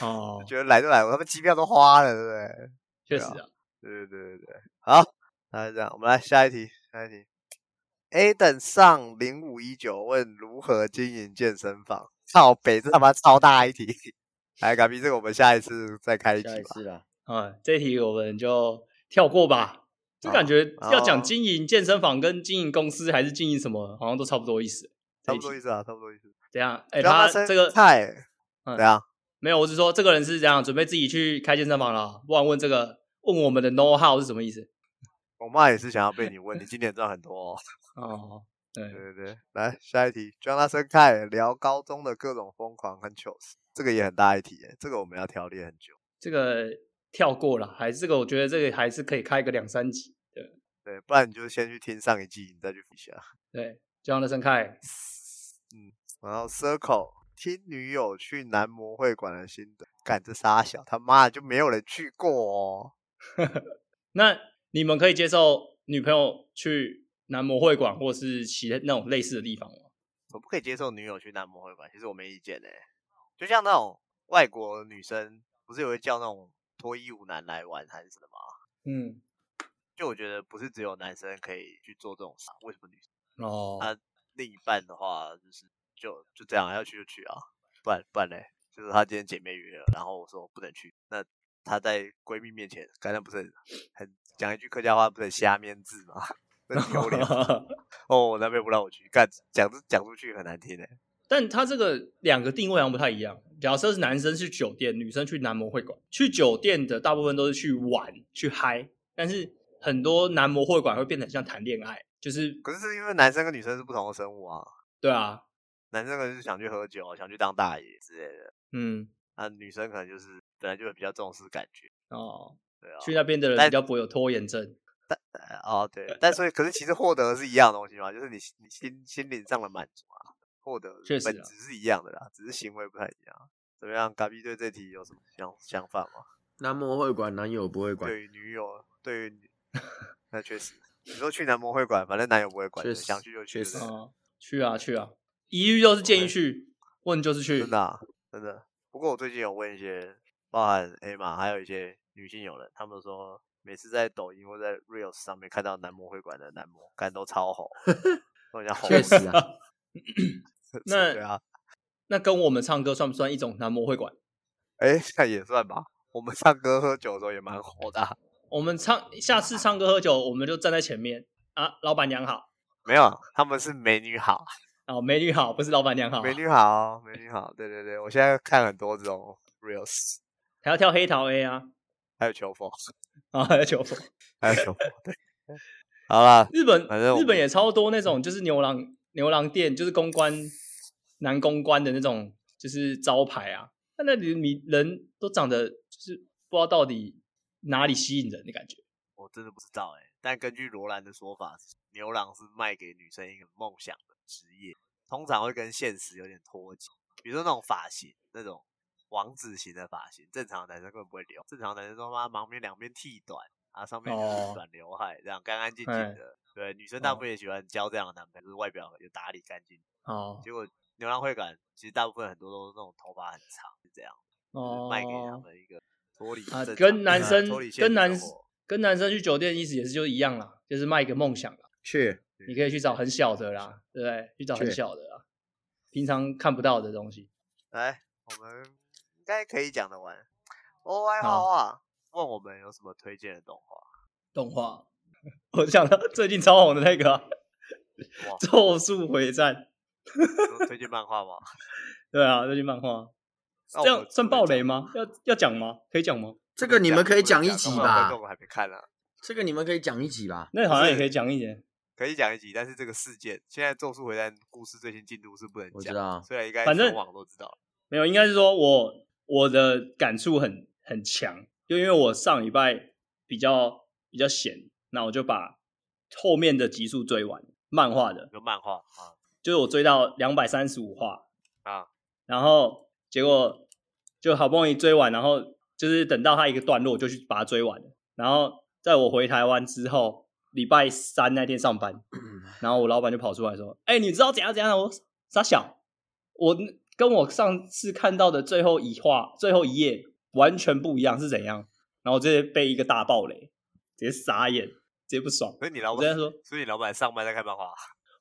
哦， 覺得來都來了，我他媽機票都花了，對不對？確實啊，對對對對，好，來這樣，我們來下一題，下一題。A 等上零五一九問如何經營健身房？靠北，這他媽超大一題。 來，幹皮，這個我們下一次再開一題吧。嗯、啊，這一題我們就跳過吧。嗯就感覺要講經營健身房跟經營公司還是經營什麼，好像都差不多意思。差不多意思啊，差不多意思。怎樣？哎、欸，他這個嗨、這個嗯，怎樣？沒有，我是說這個人是怎樣準備自己去開健身房了、喔？不然問這個，問我們的 know-how 是什麼意思？我媽也是想要被你問， 你今年賺很多哦、喔。哦、 oh,， 對對對，來下一題，Johnathan Kai 聊高中的各種瘋狂和糗事，這個也很大一題，哎，這個我們要調理很久。這個。跳過了，還是這個？我覺得這個還是可以開個兩三集，對對，不然你就先去聽上一集，你再去補下。對，就讓他睜開，嗯，然後 Circle 聽女友去男模會館的心得，幹，這傻小他媽的就沒有人去過哦。 那你們可以接受女朋友去男模會館或是其他那種類似的地方嗎？我不可以接受女友去男模會館，其實我沒意見呢、欸。就像那種外國女生，不是有會叫那種？脫衣舞男來玩還是什麼？嗯，就我覺得不是只有男生可以去做這種事，為什麼女生？哦？他另一半的話就是就就這樣要去就去啊，不然不然嘞？就是他今天姐妹約了，然後我說我不能去，那他在閨蜜面前，剛才不是很很講一句客家話，不能瞎面子嘛， 真丟漂臉亮。 哦，我男朋友不讓我去，幹，講出講出去很難聽嘞、欸。但他這個兩個定位好像不太一樣。假設是男生去酒店，女生去男模會館。去酒店的大部分都是去玩、去嗨，但是很多男模會館會變得很像談戀愛。就是，可是是因為男生跟女生是不同的生物啊。對啊，男生可能就是想去喝酒、想去當大爺之類的。嗯，那、啊、女生可能就是本來就會比較重視感覺哦。對啊，去那邊的人比較不會有拖延症。但，但哦對， 但所以可是其實獲得的是一樣的東西嘛，就是你你心心靈上的滿足啊。獲得本質是一樣的啦，啊，只是行為不太一樣。怎麼樣？咖比對這題有什麼想想法嗎？男模會館，男友不會管，對於女友，對於你， 那確實。你說去男模會館，反正男友不會管，想去就去。確實。去啊去啊，一遇就是建議去，問就是去。真的，啊、真的。不過我最近有問一些包含 A 嘛，還有一些女性友人，他們說每次在抖音或在 Reels 上面看到男模會館的男模，感覺都超好，讓人家好。啊。 那對啊，那跟我們唱歌算不算一種男模會館？哎、欸，也算吧。我們唱歌喝酒的時候也蠻火的、啊。我們唱，下次唱歌喝酒，我們就站在前面啊，老闆娘好。沒有，他們是美女好啊、哦，美女好，不是老闆娘好。美女好，美女好，對對對。我現在看很多這種 reels，還要跳黑桃 A 啊，還有球風啊，還有球風， 還有球風。對，好了，日本反正日本也超多那種，就是牛郎。牛郎店，就是公關，男公關的那種，就是招牌啊。那那裡你人都長得就是不知道到底哪裡吸引人的感覺。我真的不知道哎、欸，但根據羅蘭的說法，牛郎是賣給女生一個夢想的職業，通常會跟現實有點脫節。比如說那種髮型，那種王子型的髮型，正常的男生根本不會留。正常的男生都往，旁邊兩邊剃短。啊，上面就是短劉海、oh. 這樣乾乾淨淨的，hey. 對，女生大部分也喜歡交這樣的男朋友，就、oh. 是外表有打理乾淨。哦、oh.，結果牛郎會館其實大部分很多都是那種頭髮很長，是這樣。哦、oh.，賣給他們的一個脫離、啊、跟男生、啊、的跟男跟男生去酒店意思也是就一樣啦，就是賣一個夢想啦。去、sure. 你可以去找很小的啦，對不對？Sure. 去找很小的啦，平常看不到的東西。Sure. 來，我們應該可以講得完。O、oh, I O 啊 a...。問我們有什麼推薦的動畫？動畫，我想到最近超紅的那個、啊《咒術迴戰》。推薦漫畫嗎？ 對啊，推薦漫畫。這樣算暴雷嗎？要要講嗎？可以講嗎？這個你們可以講一集吧。動畫動我還沒看啊，這個你們可以講一集吧。那好像也可以講一集，可以講一集。但是這個事件現在《咒術迴戰》故事最新進度是不能講啊。雖然應該反正網都知道了，沒有應該是說我我的感觸很很強。就因為我上禮拜比較比較閒，那我就把後面的集數追完。漫畫的，就漫畫啊，就是我追到兩百三十五話啊，然後結果就好不容易追完，然後就是等到他一個段落，我就去把它追完。然後在我回台灣之後，禮拜三那天上班， 然後我老闆就跑出來說：“哎、欸，你知道怎樣怎樣？”我傻小，我跟我上次看到的最後一話、最後一頁。完全不一樣是怎樣？然後直接被一個大爆雷，直接傻眼，直接不爽。所以你老板說，所以你老板上班在看漫畫？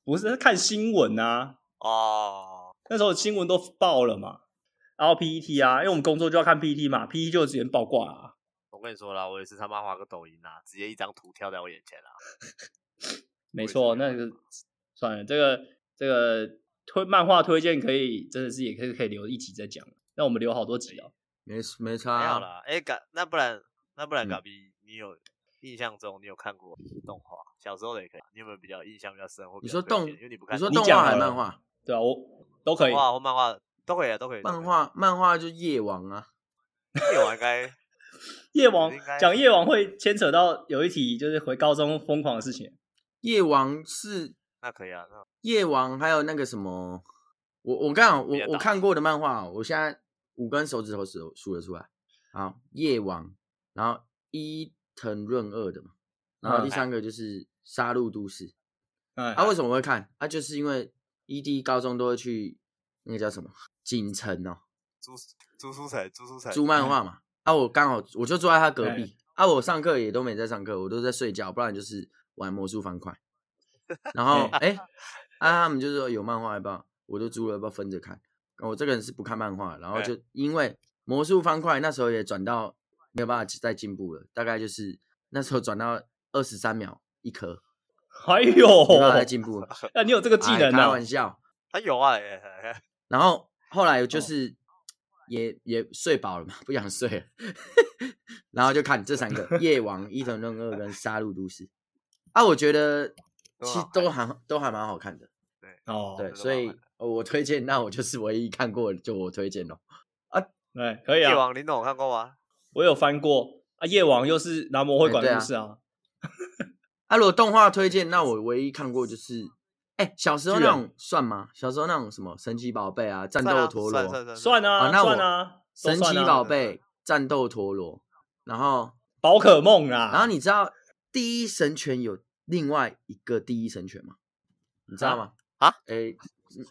不是,是看新聞啊！哦、oh.，那時候新聞都爆了嘛。然後 PPT 啊，因為我們工作就要看 PPT 嘛，PPT 就直接爆掛啊。Oh. 我跟你說了，我也是他漫畫個抖音啊，直接一張圖跳在我眼前了、啊。 沒錯，那個算了，這個這個推漫畫推薦可以，真的是也可以可以留一集再講。那我們留好多集啊。沒、yes, 沒差、啊，沒有啦。欸、那不然那不然尬逼，你有印象中你有看過動畫？小時候的也可以。你有沒有比較印象比較深？或較你說動，你不你說動畫還是漫畫？對啊，我都可以。動畫或漫畫，漫畫都可以啊，都可以。漫畫漫畫就夜王啊，夜王應該 夜王應該講夜王會牽扯到有一題，就是回高中瘋狂的事情。夜王是那可以啊那，夜王還有那個什麼，我我剛好我我看過的漫畫，我現在。五根手指頭數數了出來，好，夜王，然後伊藤潤二的嘛，然後第三個就是殺戮都市，嗯嗯、啊，他為什麼會看？他、啊、就是因為 ED 高中都會去那個叫什麼錦城哦，租租書才租書才租漫畫嘛，嗯、啊我，我剛好我就住在他隔壁，嗯、啊，我上課也都沒在上課，我都在睡覺，不然就是玩魔術方塊、嗯，然後哎、嗯欸嗯，啊，他們就說有漫畫一包，我都租了一包分着看。我、哦、這個人是不看漫畫，然後就因為魔術方塊那時候也轉到沒有辦法再進步了，大概就是那時候轉到二十三秒一顆，還有，沒辦法再進步了，那、啊、你有這個技能啊？啊開玩笑，還有啊，然後後來就是也、哦、也，也睡飽了嘛，不想睡了， 然後就看這三個《 夜王》《伊藤潤二》跟《殺戮都市》，啊，我覺得其實都還都還蠻好看的。哦，對，所以我推薦，那我就是唯一看過的，就我推薦咯。啊，對，可以啊。夜王，林董看過嗎？我有翻過啊。夜王又是男模會講故事啊。欸、啊， 啊，如果動畫推薦，那我唯一看過就是，哎、欸，小時候那種算嗎？小時候那種什麼神奇寶貝啊，戰鬥陀螺算啊？算算算算，啊，那我算，啊算啊。神奇寶貝，戰鬥陀螺，然後寶可夢啊。然後你知道第一神拳有另外一個第一神拳嗎？啊、你知道嗎？啊，誒、欸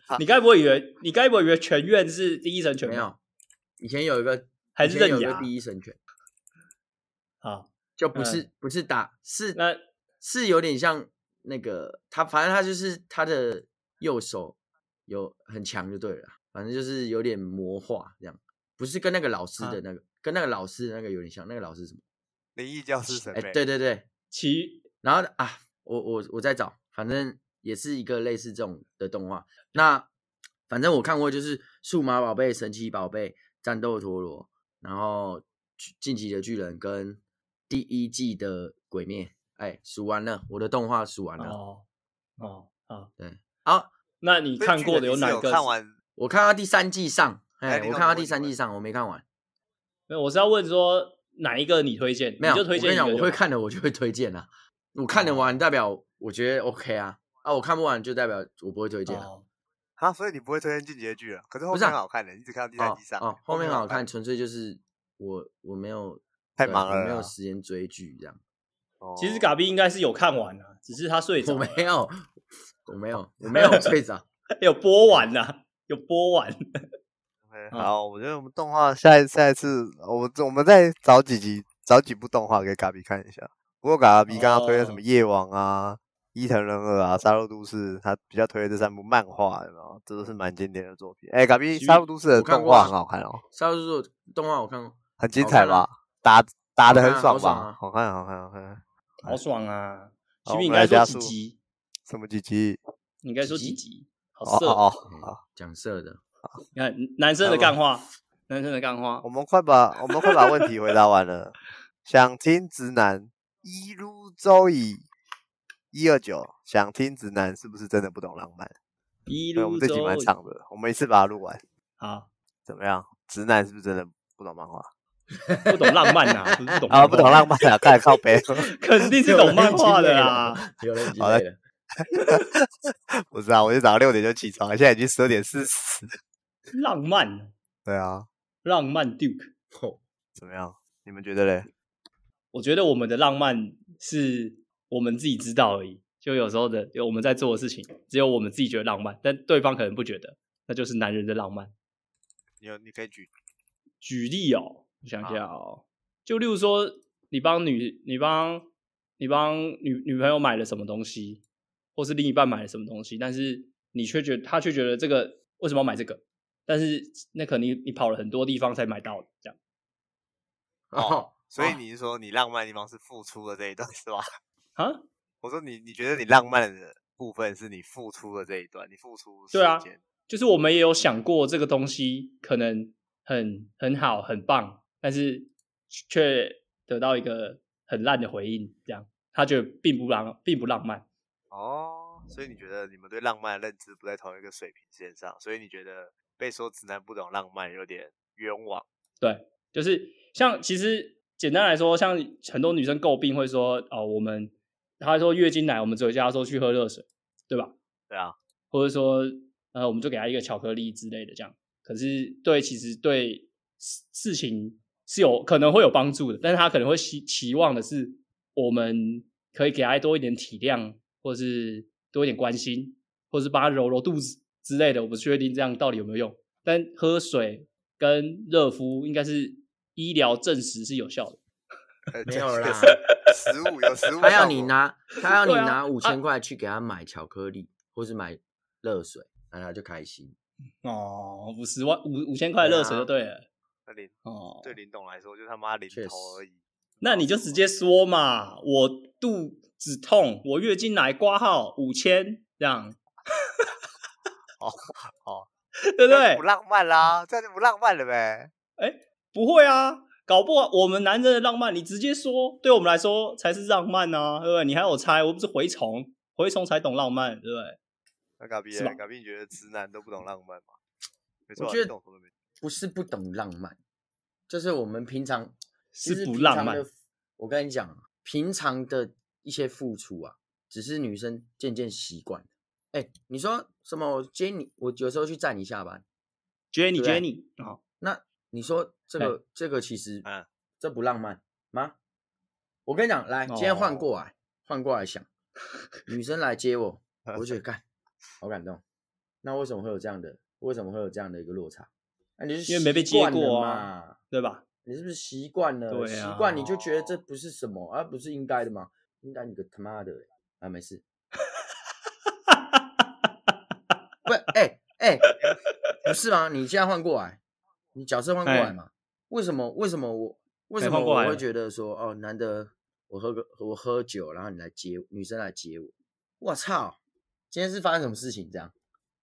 啊，你該不會以為你該不會以為全院是第一神拳？沒有，以前有一個，還是認個第一神拳，好、啊，就不是、啊、不是打，是是有點像那個他，反正他就是他的右手有很強就對了，反正就是有點魔化這樣，不是跟那個老師的那個，啊、跟那個老師的那個有點像，那個老師是什麼？靈異教師什麼？哎、欸，對對對，其然後啊，我我我再找，反正。也是一個類似這種的動畫。那反正我看過，就是《數碼寶貝》、《神奇寶貝》、《戰鬥陀螺》，然後《進擊的巨人》跟第一季的鬼《鬼滅》欸。哎，數完了，我的動畫數完了。哦，哦，哦對，好、啊，那你看過的有哪個有看完？我看到第三季上，哎、欸欸，我看到第三季上，我沒看完沒有。我是要問說哪一個你推薦？沒有，我跟你講，我會看的，我就會推薦啊。我看得完，代表我覺得 OK 啊。啊，我看不完就代表我不會追劇。好，所以你不會推薦進擊的劇了。可是後面是、啊、很好看的。欸，你只看到第三、第三。哦，後面很好看，純粹就是我我沒有太忙了，沒有時間追劇這樣。其實嘎比應該是有看完了，啊，只是他睡着。我沒有，我沒有，我沒有睡着， 有播完了，啊，有播完。OK，好，我覺得我們動畫下、下一次，我我們再找幾集，找幾部動畫給嘎比看一下。不過嘎比剛剛推薦什麼《夜王》啊？Oh. 伊藤潤二啊，殺戮都市，他比較推的這三部漫畫，有沒有？這都是蠻經典的作品。哎、欸，卡比，殺戮都市的動畫很好看哦、喔。殺戮都市的動畫我看過哦，很精彩吧？啊、打打得很爽吧？好看，好看，好看，好爽啊！不是、啊啊啊、應該說幾集？什麼幾集？你應該說幾集？好色啊！講、哦哦哦欸、色的，你看男生的幹話，男生的幹話，話。我們快把我們快把問題回答完了。 想聽直男一路走矣。一二九，想聽直男是不是真的不懂浪漫？一對，我們這集蠻長的，我們一次把它錄完。好、啊，怎麼樣？直男是不是真的不懂漫畫？不懂浪漫啊？ 不是不懂浪漫啊、哦，不懂浪漫啊？看 來靠北，肯定是懂漫畫的啊。好的， 不是啊，我就早上六點就起床，現在已經十二點四十。浪漫？對啊，浪漫 Duke，、哦、怎麼樣？你們覺得嘞？我覺得我們的浪漫是。我們自己知道而已，就有時候的有我們在做的事情，只有我們自己覺得浪漫，但對方可能不覺得，那就是男人的浪漫。你有你可以舉舉例哦，我想一下哦，就例如說你幫女你幫你幫女女朋友買了什麼東西，或是另一半買了什麼東西，但是你卻覺得他卻覺得這個為什麼要買這個？但是那可能你，你跑了很多地方才買到這樣哦。哦，所以你是說你浪漫的地方是付出的這一段是吧？啊！我說你，你覺得你浪漫的部分是你付出的這一段，你付出時間，啊、就是我們也有想過這個東西可能很很好、很棒，但是卻得到一個很爛的回應，這樣他覺得並不浪，並不浪漫哦。所以你覺得你們對浪漫的認知不在同一個水平線上，所以你覺得被說直男不懂浪漫有點冤枉？對，就是像其實簡單來說，像很多女生詬病會說哦我們。他說月經來，我們只有叫他說去喝熱水，對吧？對啊，或者說，呃，我們就給他一個巧克力之類的這樣。可是對，其實對事情是有可能會有幫助的，但是他可能會期期望的是我們可以給他多一點體諒，或是多一點關心，或是幫他揉揉肚子之類的。我不確定這樣到底有沒有用，但喝水跟熱敷應該是醫療證實是有效的。沒有啦，食物有食物。他要你拿， 他要你拿五千塊去給他買巧克力， 啊、或是買熱水，那、啊、他就開心。哦，五十萬五五千塊熱水就對了。那、啊、林哦，對林董來說就他媽的零頭而已。那你就直接說嘛，我肚子痛，我月經來掛號五千這樣。好 好、 哦，哦、 對不對？不浪漫啦、啊， 這樣就不浪漫了唄。欸、不會啊。搞不好，我們男人的浪漫，你直接說，對我們來說才是浪漫啊，對不對？你還有猜，我不是蛔蟲，蛔蟲才懂浪漫，對不對？那嘎畢，嘎畢你覺得直男都不懂浪漫嗎？我覺得不是不懂浪漫，就是我們平常是不浪漫，就是。我跟你講，平常的一些付出啊，只是女生漸漸習慣。哎，你說什麼？我接你，我有時候去站一下班，接你，接你，嗯，好。那你說這個、欸、這個其實啊，這不浪漫嗎？我跟你講，來，今天換過來、哦、換過來想，女生來接我，我就去 幹好感動。那為什麼會有這樣的？為什麼會有這樣的一個落差？那、啊、你是因為沒被接過嘛、哦？對吧？你是不是習慣了、啊？習慣你就覺得這不是什麼，啊不是應該的嗎？應該你個他媽的、欸！啊，沒事。 不，哎、欸、哎、欸，不是嗎？你現在換過來。你角色換過來嘛、欸？為什麼？為什麼我為什麼我會覺得說哦，難得我喝個我喝酒，然後你來接我，女生來接我，我操！今天是發生什麼事情這樣？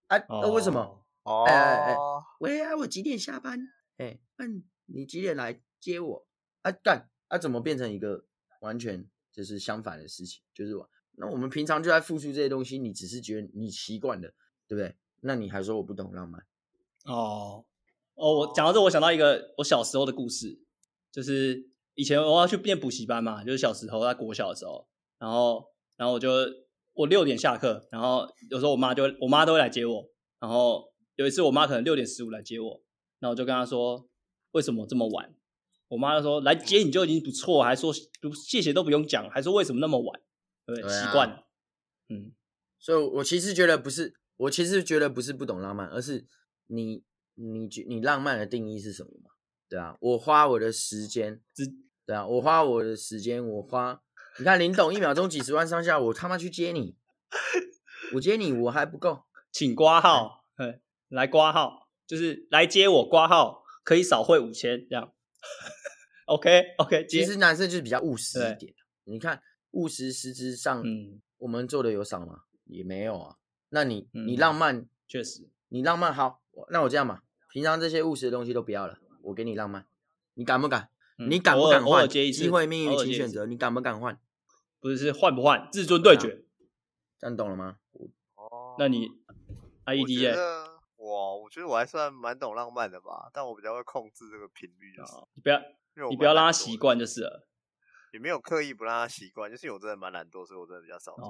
哎、啊，那、哦啊、為什麼？哎哎哎，喂、啊，哎，我幾點下班？哎、欸，嗯，你幾點來接我？哎、啊，幹，哎、啊，怎麼變成一個完全就是相反的事情？就是我那我們平常就在付出這些東西，你只是覺得你習慣了，對不對？那你還說我不懂浪漫？哦。哦、oh，我講到這，我想到一個我小時候的故事，就是以前我要去念補習班嘛，就是小時候在國小的時候，然後然後我就我六點下課，然後有時候我媽就我媽都會來接我，然後有一次我媽可能六點十五來接我，那我就跟她說，為什麼這麼晚？我媽就說，來接你就已經不錯，還說謝謝都不用講，還說為什麼那麼晚，對，對，對、啊，習慣，嗯，所、so, 以我其實覺得不是，我其實覺得不是不懂浪漫，而是你。你覺你浪漫的定義是什麼嘛？對啊，我花我的時間，對啊，我花我的時間，我花。你看林董一秒鐘幾十萬上下， 我他媽去接你，我接你我還不夠，請掛號，來掛號，就是來接我掛號，可以少匯五千這樣。 OK OK，其實男生就是比較務實一點，你看務實實質上、嗯、我們做的有少嗎？也沒有啊。那你你浪漫確、嗯啊、實，你浪漫好，我那我這樣吧。平常這些務實的東西都不要了，我給你浪漫，你敢不敢？你敢不敢換？機會命運請選擇，你敢不敢換？不是換不換？至尊對決，這樣懂了嗎？哦，那你，I E D J，哇，我覺得我還算蠻懂浪漫的吧，但我比較會控制這個頻率、就是，啊、哦。你不要，你不要讓他習慣就是了，也沒有刻意不讓他習慣，就是我真的蠻懶惰，所以我真的比較少做，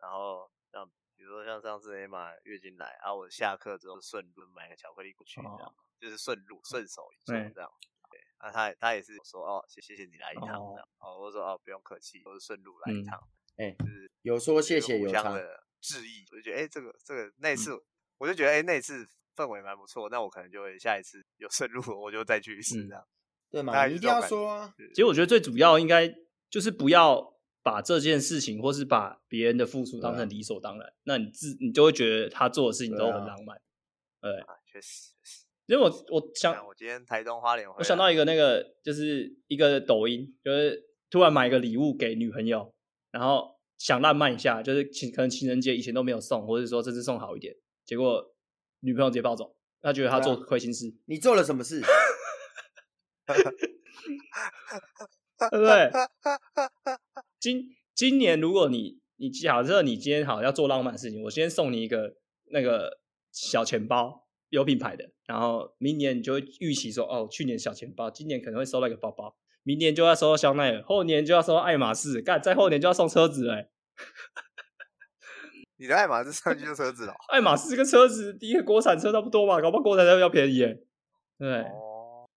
然後讓。比如說像上次 Emma 月經來，然、啊、後我下課之後順路買個巧克力過去，哦、這樣就是順路順手一次、欸、這樣。對，那、啊、他他也是說哦，謝謝你來一趟，哦、這樣。哦，我說哦，不用客氣，我是順路來一趟。哎、嗯欸，就是有說謝謝，有這樣的致意，我就覺得哎、欸，這個這個那次、嗯，我就覺得哎、欸，那次氛圍蠻不錯，那我可能就會下一次有順路，我就再去一次、嗯、這樣。對嘛？那一定要說啊。其實我覺得最主要應該就是不要。把這件事情，或是把別人的付出當成理所當然，啊、那你自你就會覺得他做的事情都很浪漫。呃、啊啊，確實，確實。因為我我想，我今天台東花蓮，我想到一個那個，就是一個抖音，就是突然買一個禮物給女朋友，然後想浪漫一下，就是情可能情人節以前都沒有送，或者說這次送好一點，結果女朋友直接暴走，他覺得他做虧心事，啊，你做了什麼事？ 對。今今年如果你你假設你今天好要做浪漫的事情，我先送你一個那個小錢包，有品牌的。然後明年你就會預期說，哦，去年小錢包，今年可能會收到一個包包，明年就要收到香奈兒，後年就要收到愛馬仕，幹再後年就要送車子。你的愛馬仕升級到車子了？ 愛馬仕這個車子，第一個國產車差不多吧，搞不好國產車比較便宜耶，對。哦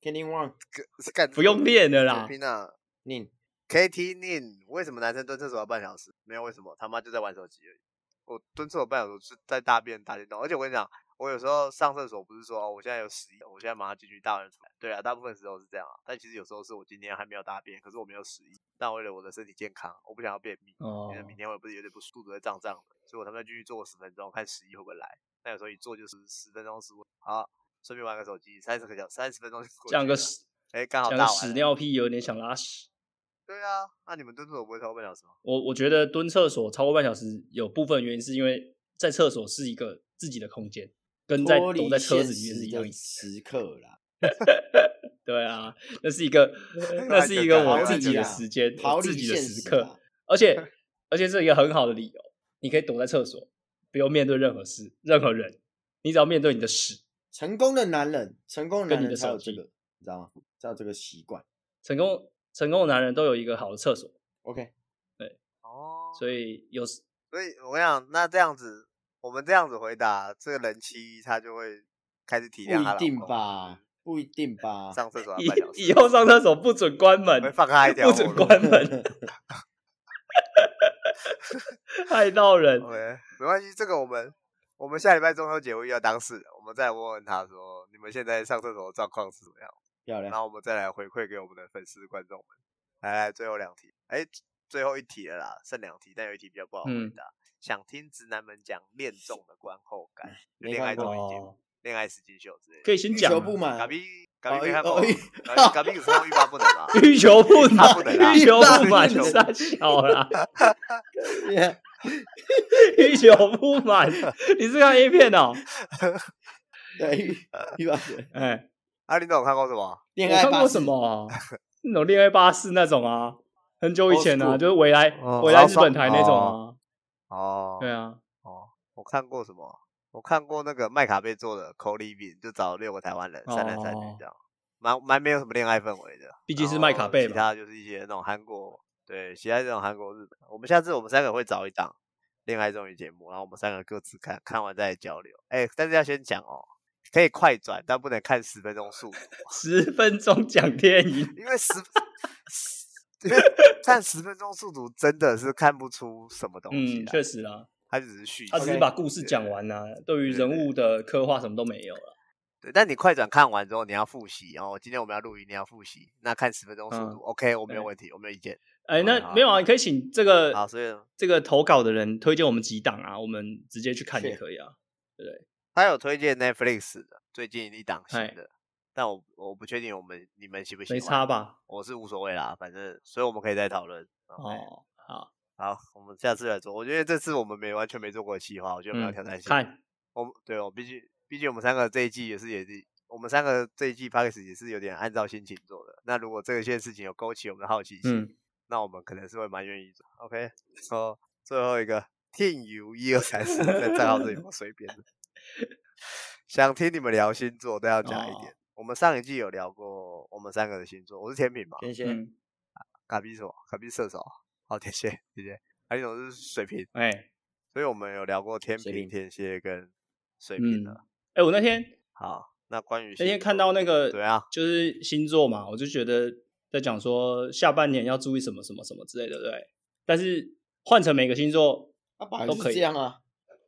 k i t y one，不用練的啦。平 k t y 念，為什麼男生蹲廁所要半小時？沒有為什麼，他媽就在玩手機而已。我蹲廁所半小時是在大便，大便中，而且我跟你講，我有時候上廁所不是說我現在有屎意，我現在馬上進去大便出來。對啊，大部分時候是這樣啊，但其實有時候是我今天還沒有大便，可是我沒有屎意。但為了我的身體健康，我不想要便秘，因為明天我不是有點不舒服，肚子在脹脹的，所以我他媽進去坐個十分鐘，看屎意會不會來。但有時候一坐就是十分鐘、十五。好。順便玩個手機，三十個小三十分鐘就。講個屎，哎，剛好講個屎尿屁，有點想拉屎。對啊，那你們蹲廁所不會超過半小時嗎？我我覺得蹲廁所超過半小時，有部分原因是因為在廁所是一個自己的空間，跟在躲在車子裡面是一樣的時、時刻啦。 對啊，那是一個 那是一個我自己的時間， 我自己的時刻， 時刻 而且而且是一個很好的理由，你可以躲在廁所，不用面對任何事任何人，你只要面對你的屎。成功的男人，成功的男人要有這個，你你知道嗎？要有這個習慣。成功成功的男人都有一個好的廁所。OK，對，哦、oh.，所以有時，所以我跟你講，那這樣子，我們這樣子回答，這個人妻他就會開始體諒。了。一定吧？不一定吧？上廁所要，以以後上廁所不准關門，放開一點。不准關門， 害到人。o、okay. 沒關係，這個我們。我們下禮拜中秋節，我們要當事。我們再問問他說，你們現在上廁所的狀況是怎麼樣？漂亮。然後我們再來回饋給我們的粉絲觀眾們。來、來、來，最後兩題。哎，最後一題了啦，剩兩題，但有一題比較不好回答，嗯。想聽直男們講《戀綜》的觀後感。嗯、戀愛綜藝，哦《戀愛十金秀》之類的。可以先講。欲、嗯、求不滿、啊。嘎比嘎比，看我。嘎嘎比有時候欲罷不能嗎，欲求不滿，不能。欲求不滿，太小了。一 小久不滿， 你是看 A 片哦、喔、對，一般是。哎，阿林總看過什麼？你看過什麼、啊？那種戀愛巴士那種啊？很久以前呢、啊，就是緯來緯來日本台那種啊哦。哦，對啊，哦，我看過什麼？我看過那個麥卡貝做的 Co-Living，就找了六個台灣人，三男三女這樣，蠻蠻沒有什麼戀愛氛圍的。畢竟是麥卡貝嘛，其他就是一些那種韓國。對，喜愛這種韓國、日本。我們下次我們三個會找一檔戀愛綜藝節目，然後我們三個各自看看完再交流。哎、欸，但是要先講哦、喔，可以快轉，但不能看十分鐘速度。 十分鐘講電影， 因為十分。 看十分鐘速度真的是看不出什麼東西、啊。嗯，確實啊，他只是敘,敘，他只是把故事講完了、啊 okay?，對於人物的刻畫什麼都沒有了。對，但你快轉看完之後，你要複習。哦、喔，今天我們要錄音，你要複習。那看十分鐘速度、嗯、，OK，我沒有問題，欸、我沒有意見。哎、欸，那沒有啊，你可以請這個好，所以這個投稿的人推薦我們幾檔啊，我們直接去看也可以啊，對不對？他有推薦 Netflix 的最近一檔新的，但我我不確定我們你們喜不喜歡、啊，沒差吧？我是無所謂啦，反正所以我們可以再討論。哦、okay 好，好，好，我們下次來做。我覺得這次我們沒完全沒做過的企劃，我覺得沒有挑戰性。嗯、看我對我畢竟畢竟我們三個這一季也是也是我們三個這一季 Podcast 也是有點按照心情做的。那如果這一件事情有勾起我們的好奇心。嗯那我們可能是會蠻願意的，OK。好，最後一個聽友一二三四在賬號這裡，我 隨便想聽你們聊星座都要講一點、哦。我們上一季有聊過我們三個的星座，我是天秤嘛，天蠍，嗯啊、卡比什麼？卡比射手，好、哦、天蠍，謝謝。還有一種是水瓶，哎、欸，所以我們有聊過天秤、天蠍跟水瓶的。哎、嗯欸，我那天好，那關於那天看到那個對啊，就是星座嘛，我就覺得。在講說下半年要注意什麼什麼什麼之類的，對。但是換成每個星座，啊、是都可以這樣啊。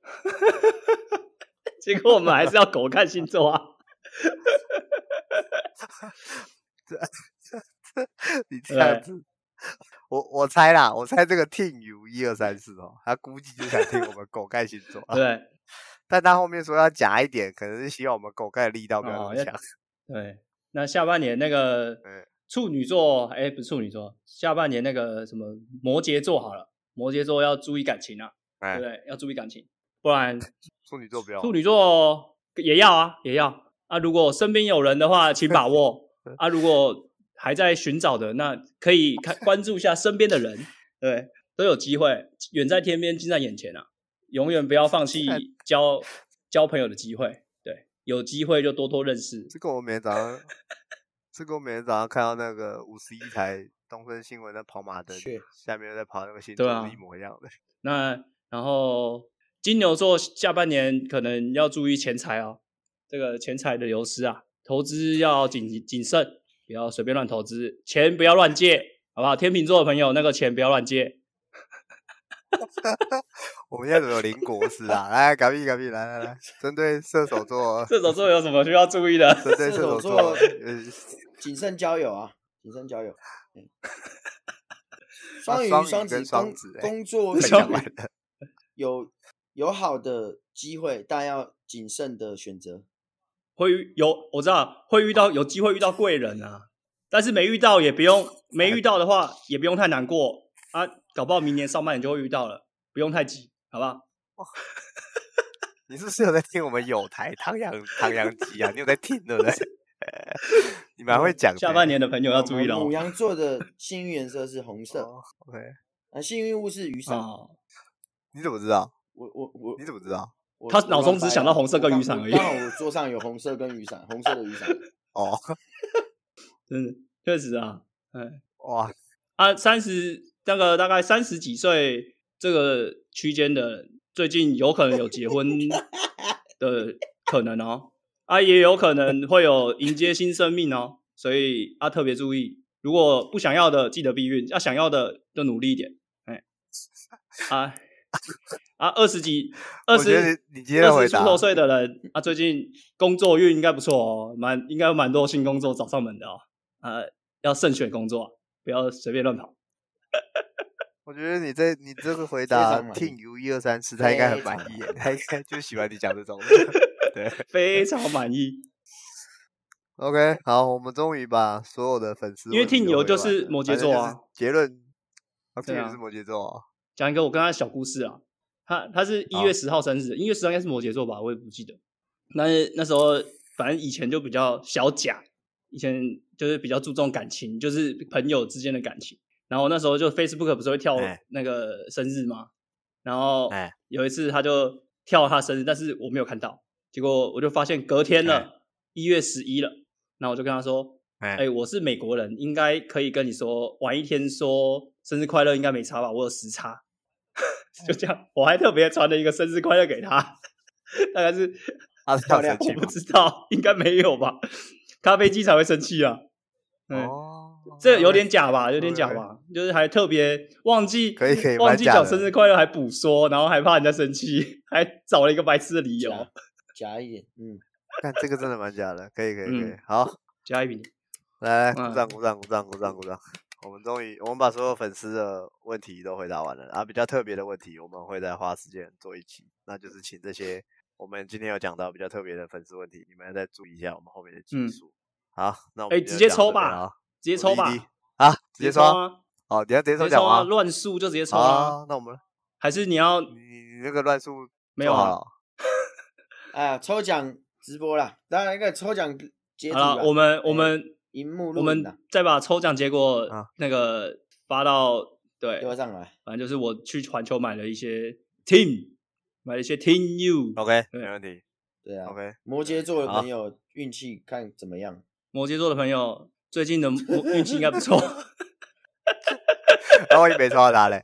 結果我們還是要狗看星座啊。這這這，你這樣子，我我猜啦，我猜這個 Team U 一二三四哦，他估計就想聽我們狗看星座、啊。 對。但他後面說要夾一點，可能是希望我們狗看的力道更強、哦。對。那下半年那個，處女座，哎、欸，不處女座，下半年那個什麼摩羯座好了，摩羯座要注意感情啊，欸、對，要注意感情，不然處女座不要，處女座也要啊，也要啊。如果身邊有人的話，請把握 啊。如果還在尋找的，那可以看關注一下身邊的人， 對，都有機會，遠在天邊，近在眼前啊。永遠不要放棄交 交，交朋友的機會，對，有機會就多多認識。這個我沒答案 是、這、跟、個、我每天早上看到那個五十一台東森新聞的跑馬燈，下面在跑那個新，座、啊、是一模一樣的。那然後金牛座下半年可能要注意錢財哦，這個錢財的流失啊，投資要謹謹慎，不要隨便亂投資，錢不要亂借，好不好？天秤座的朋友，那個錢不要亂借。 我們要怎麼有靈國師啊！來，隔壁隔壁，來來來，針對射手座，射手座有什麼需要注意的？針對射手座，謹 慎交友啊，謹慎交友、啊。雙魚、雙子、雙子，雙子工作有有，有好的機會，但要謹慎的選擇。會有我知道會遇到有機會遇到貴人啊，但是沒遇到也不用，沒遇到的話也不用太難過。啊，搞不好明年上半年就會遇到了，不用太急，好不好？哦、 你是不是有在聽我們友台唐陽唐陽吉啊，你有在聽對不對、嗯、你蠻會講，下半年的朋友要注意嘍、嗯嗯。牡羊座的幸運顏色是紅色、哦、OK？啊，幸運物是雨傘、啊。你怎麼知道？我我我，你怎麼知道？他腦中我把我把他只想到紅色跟雨傘而已。那我，我，我，我桌上有紅色跟雨傘，紅色的雨傘、哦。哦，真的確實、就是、啊，哎哇啊三十。那個大概三十幾歲這個區間的，最近有可能有結婚的可能哦，啊，也有可能會有迎接新生命哦，所以啊特別注意，如果不想要的記得避孕，啊想要的就努力一點，哎，啊啊二十幾二十二十多歲的人啊，最近工作運應該不錯哦，蠻應該有蠻多新工作找上門的哦，啊，要慎選工作，不要隨便亂跑。 我覺得你這你這個回答，聽友一二三四，他應該很滿意，他應該 就喜歡你講這種。 對，非常滿意。OK，好，我們終於把所有的粉絲，因為聽友就是摩羯座啊，就結論，對啊，是摩羯座啊。講、啊、一個我跟他小故事啊，他他是一月十號生日，一、啊、月十號應該是摩羯座吧，我也不記得。那那時候反正以前就比較小賈，以前就是比較注重感情，就是朋友之間的感情。然後那時候就 Facebook 不是會跳那個生日嗎？欸、然後有一次他就跳他生日，欸，但是我沒有看到。結果我就發現隔天了，一、欸、月十一了。然後我就跟他說：“哎、欸欸，我是美國人，應該可以跟你說晚一天說生日快樂，應該沒差吧？我有時差。 ”就這樣，欸，我還特別傳了一個生日快樂給他。 大概是他漂亮，我不知道，應該沒有吧？ 咖啡機才會生氣啊！欸、哦。這有點假吧，有點假吧，可以可以，就是還特別忘記，可以可以，忘記講生日快樂，還補說，然後還怕人家生氣，還找了一個白痴的理由，假一點，嗯，看這個真的蠻假的，可以可以可以，嗯、好，加一點，來鼓掌鼓掌鼓掌鼓掌鼓掌，我們終於我們把所有粉絲的問題都回答完了，啊，比較特別的問題，我們會再花時間做一期，那就是請這些我們今天有講到比較特別的粉絲問題，你們再注意一下我們後面的技術、嗯，好，那我們哎、欸、直接抽吧。直接抽吧啊！直接抽啊！好，你要直接抽獎嗎？亂數就直接抽啊！那我們還是你要你你那個亂數沒有啊？哎 呀、啊，抽獎直播了，當然一個抽獎結果啊！我們我們熒、欸、幕我們再把抽獎結果那個發到、啊、對上來，反正就是我去環球買了一些 team，買了一些 team，you OK 沒問題，對啊 OK。摩羯座的朋友運氣看怎麼樣？摩羯座的朋友。最近的運氣應該不錯，那萬一沒抽到他嘞。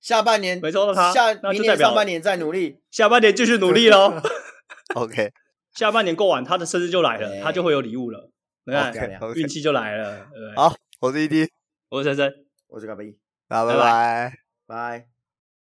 下半年沒抽到他，下明年上半年再努力，下半年繼續努力咯 OK，下半年過完他的生日就來了，okay. 他就會有禮物了。你看，okay, okay. 運氣就來了。Okay, okay. 好，我是 ED，我是森森，我是卡貝依。好，拜拜拜。Bye. Bye.